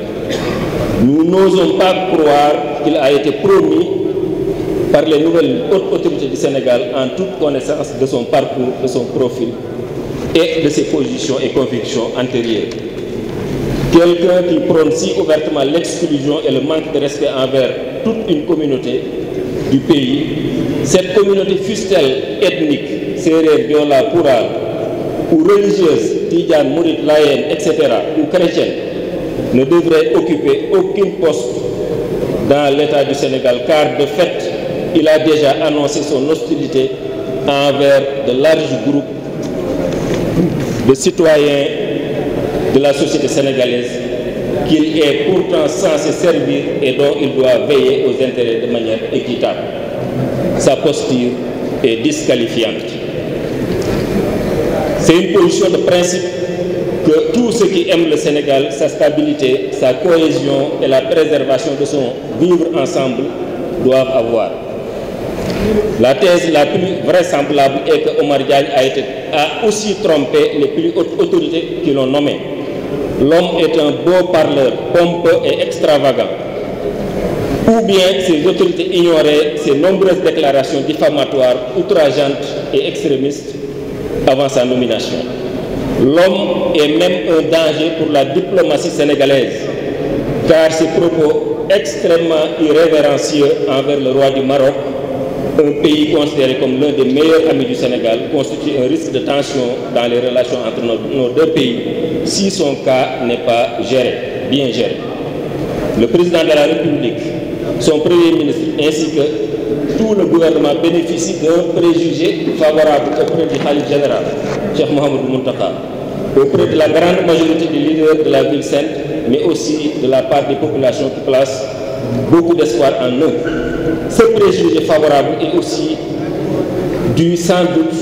Nous n'osons pas croire qu'il a été promis par les nouvelles hautes autorités du Sénégal en toute connaissance de son parcours, de son profil et de ses positions et convictions antérieures. Quelqu'un qui prône si ouvertement l'exclusion et le manque de respect envers toute une communauté du pays, cette communauté fût ethnique, séeréer Biola Pura ou religieuse tidiane mouride laïennes etc ou chrétienne ne devrait occuper aucun poste dans l'État du Sénégal car de fait il a déjà annoncé son hostilité envers de larges groupes de citoyens de la société sénégalaise qu'il est pourtant censé servir et dont il doit veiller aux intérêts de manière équitable. Sa posture et disqualifiante. C'est une position de principe que tous ceux qui aiment le Sénégal, sa stabilité, sa cohésion et la préservation de son vivre ensemble doivent avoir. La thèse la plus vraisemblable est que Omar Diagne a, été, a aussi trompé les plus hautes autorités qui l'ont nommé. L'homme est un beau parleur, pompeux et extravagant ou bien ces autorités ignoraient ces nombreuses déclarations diffamatoires, outrageantes et extrémistes avant sa nomination. L'homme est même un danger pour la diplomatie sénégalaise, car ses propos extrêmement irrévérencieux envers le roi du Maroc, un pays considéré comme l'un des meilleurs amis du Sénégal, constitue un risque de tension dans les relations entre nos deux pays si son cas n'est pas géré, bien géré. Le président de la République son Premier ministre ainsi que tout le gouvernement bénéficie d'un préjugé favorable auprès du Khalif général, Cheikh Mohamed Muntaka, auprès de la grande majorité des leaders de la ville sainte, mais aussi de la part des populations qui placent beaucoup d'espoir en eux. Ce préjugé favorable est aussi dû sans doute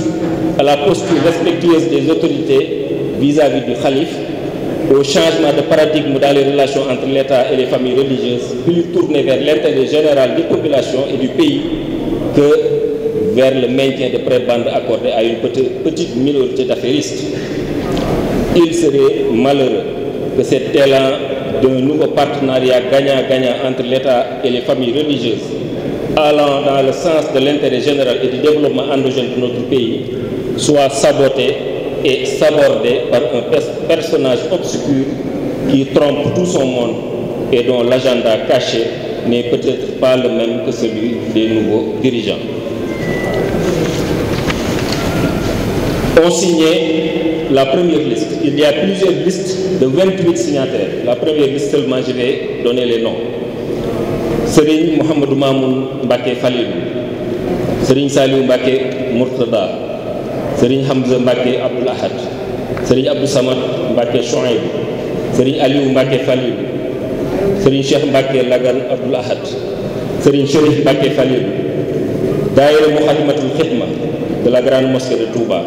à la posture respectueuse des autorités vis-à-vis -vis du Khalif au changement de paradigme dans les relations entre l'État et les familles religieuses, plus tourné vers l'intérêt général des populations et du pays que vers le maintien de prébandes accordées à une petite minorité d'affairistes. Il serait malheureux que cet élan d'un nouveau partenariat gagnant-gagnant entre l'État et les familles religieuses, allant dans le sens de l'intérêt général et du développement endogène de notre pays, soit saboté et sabordé par un personnage obscur qui trompe tout son monde et dont l'agenda caché n'est peut-être pas le même que celui des nouveaux dirigeants. On signait la première liste. Il y a plusieurs listes de 28 signataires. La première liste seulement, je vais donner les noms. Serigne Mohamed Mamoun Mbake Falilou, Serigne Salou Mbake Murtada, Serigne Hamza Mbake Abdul Ahad, Serigne Samad Mbacke Chouaib Serigne Aliou Mbacke Falil Serigne Cheikh Mbacke Lagan Abdoul Ahad Serigne cheikh Mbacke Falil Daire Muxadimatul Khidma de la grande mosquée de Touba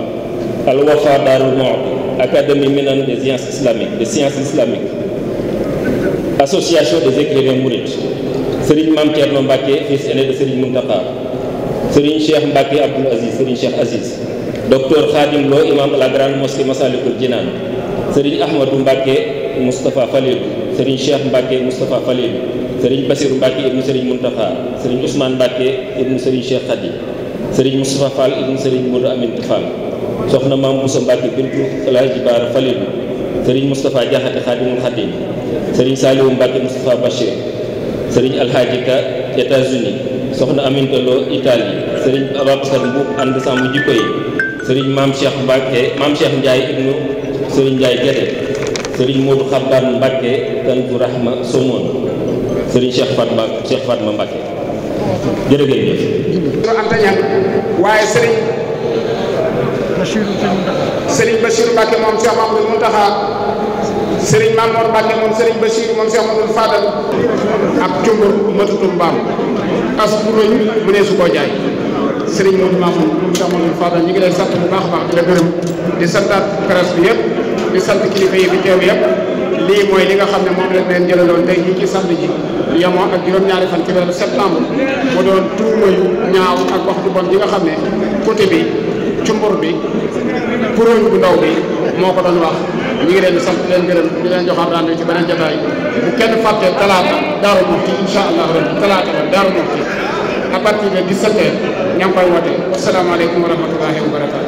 Al Wafa Darou Mouhty académie minan des sciences islamiques des sciences islamiques association des écrivains mourides Serigne Mame Thierno fils aîné de Serigne Mountakha Serigne Cheikh Mbacke abdul Aziz Serigne Cheikh Aziz docteur Khadim Lo imam de la grande mosquée Massalikul jinan sëriñ ahmadou mbàkke moustapha falilu sëriñ cheikh mbàkke moustapha falilu sëriñ basiru mbàkke ibnu sëriñ muntaxa sëriñ ousmane mbàkke ibnu sëriñ cheikh khady sëriñ moustapha fall ibnu sëriñ modou amine fall soxna maam Bousso mbàkke bintu alhaji baara falilu sëriñ moustapha jaxate xaadimul xadim sëriñ saaliwu mbàkke moustapha bachir sëriñ alhaji ka soxna aminta lo italie sëriñ ababacar mbuub ànd sàmm jikko yi maam cheikh mbàkke maam cheikh ndiaye ibnu serigne Njaay Gede serigne modou Xabbaan Mbàkke Kantu Rahma Somone serigne Cheikh Fatma Cheikh Fatma Mbàkke jërë ngeen jëf antañan waaye sëriñ serigne bashir Mbàkke mom Cheikh Mamadou muntaha serigne mamour Mbàkke mom serigne bashir mom Cheikh Mamadou Fadal ak djumbur matutum mbaam as bu rëy mu ne su ko jay serigne Modou Mamoun moom Cheikh Mamadou Fadal ñi ngi lay sant bu baax baax di la gërëm di santat presse bi yëpp di sant kilifa yi fi teew yëpp lii mooy li nga xam ne moom lañ leen jëlaloon tey jii ci samedi ji yemoo ak juróom-ñaari fan ci weeru septembre mu doon tuuma yu ñaaw ak wax ju bon nga xam ne côté bi cumbur bi kuréel bu ndaw bi moo ko doon wax ñu ngi leen di sant di leen gërëm di leen joxaat ci beneen jotaay bu kenn fàtte talaata Daaru Muxti incha allah rabbi talaata la Daaru Muxti à partir de 17 koy woote asalaamaaleykum wa rahmatullahi wa barakatu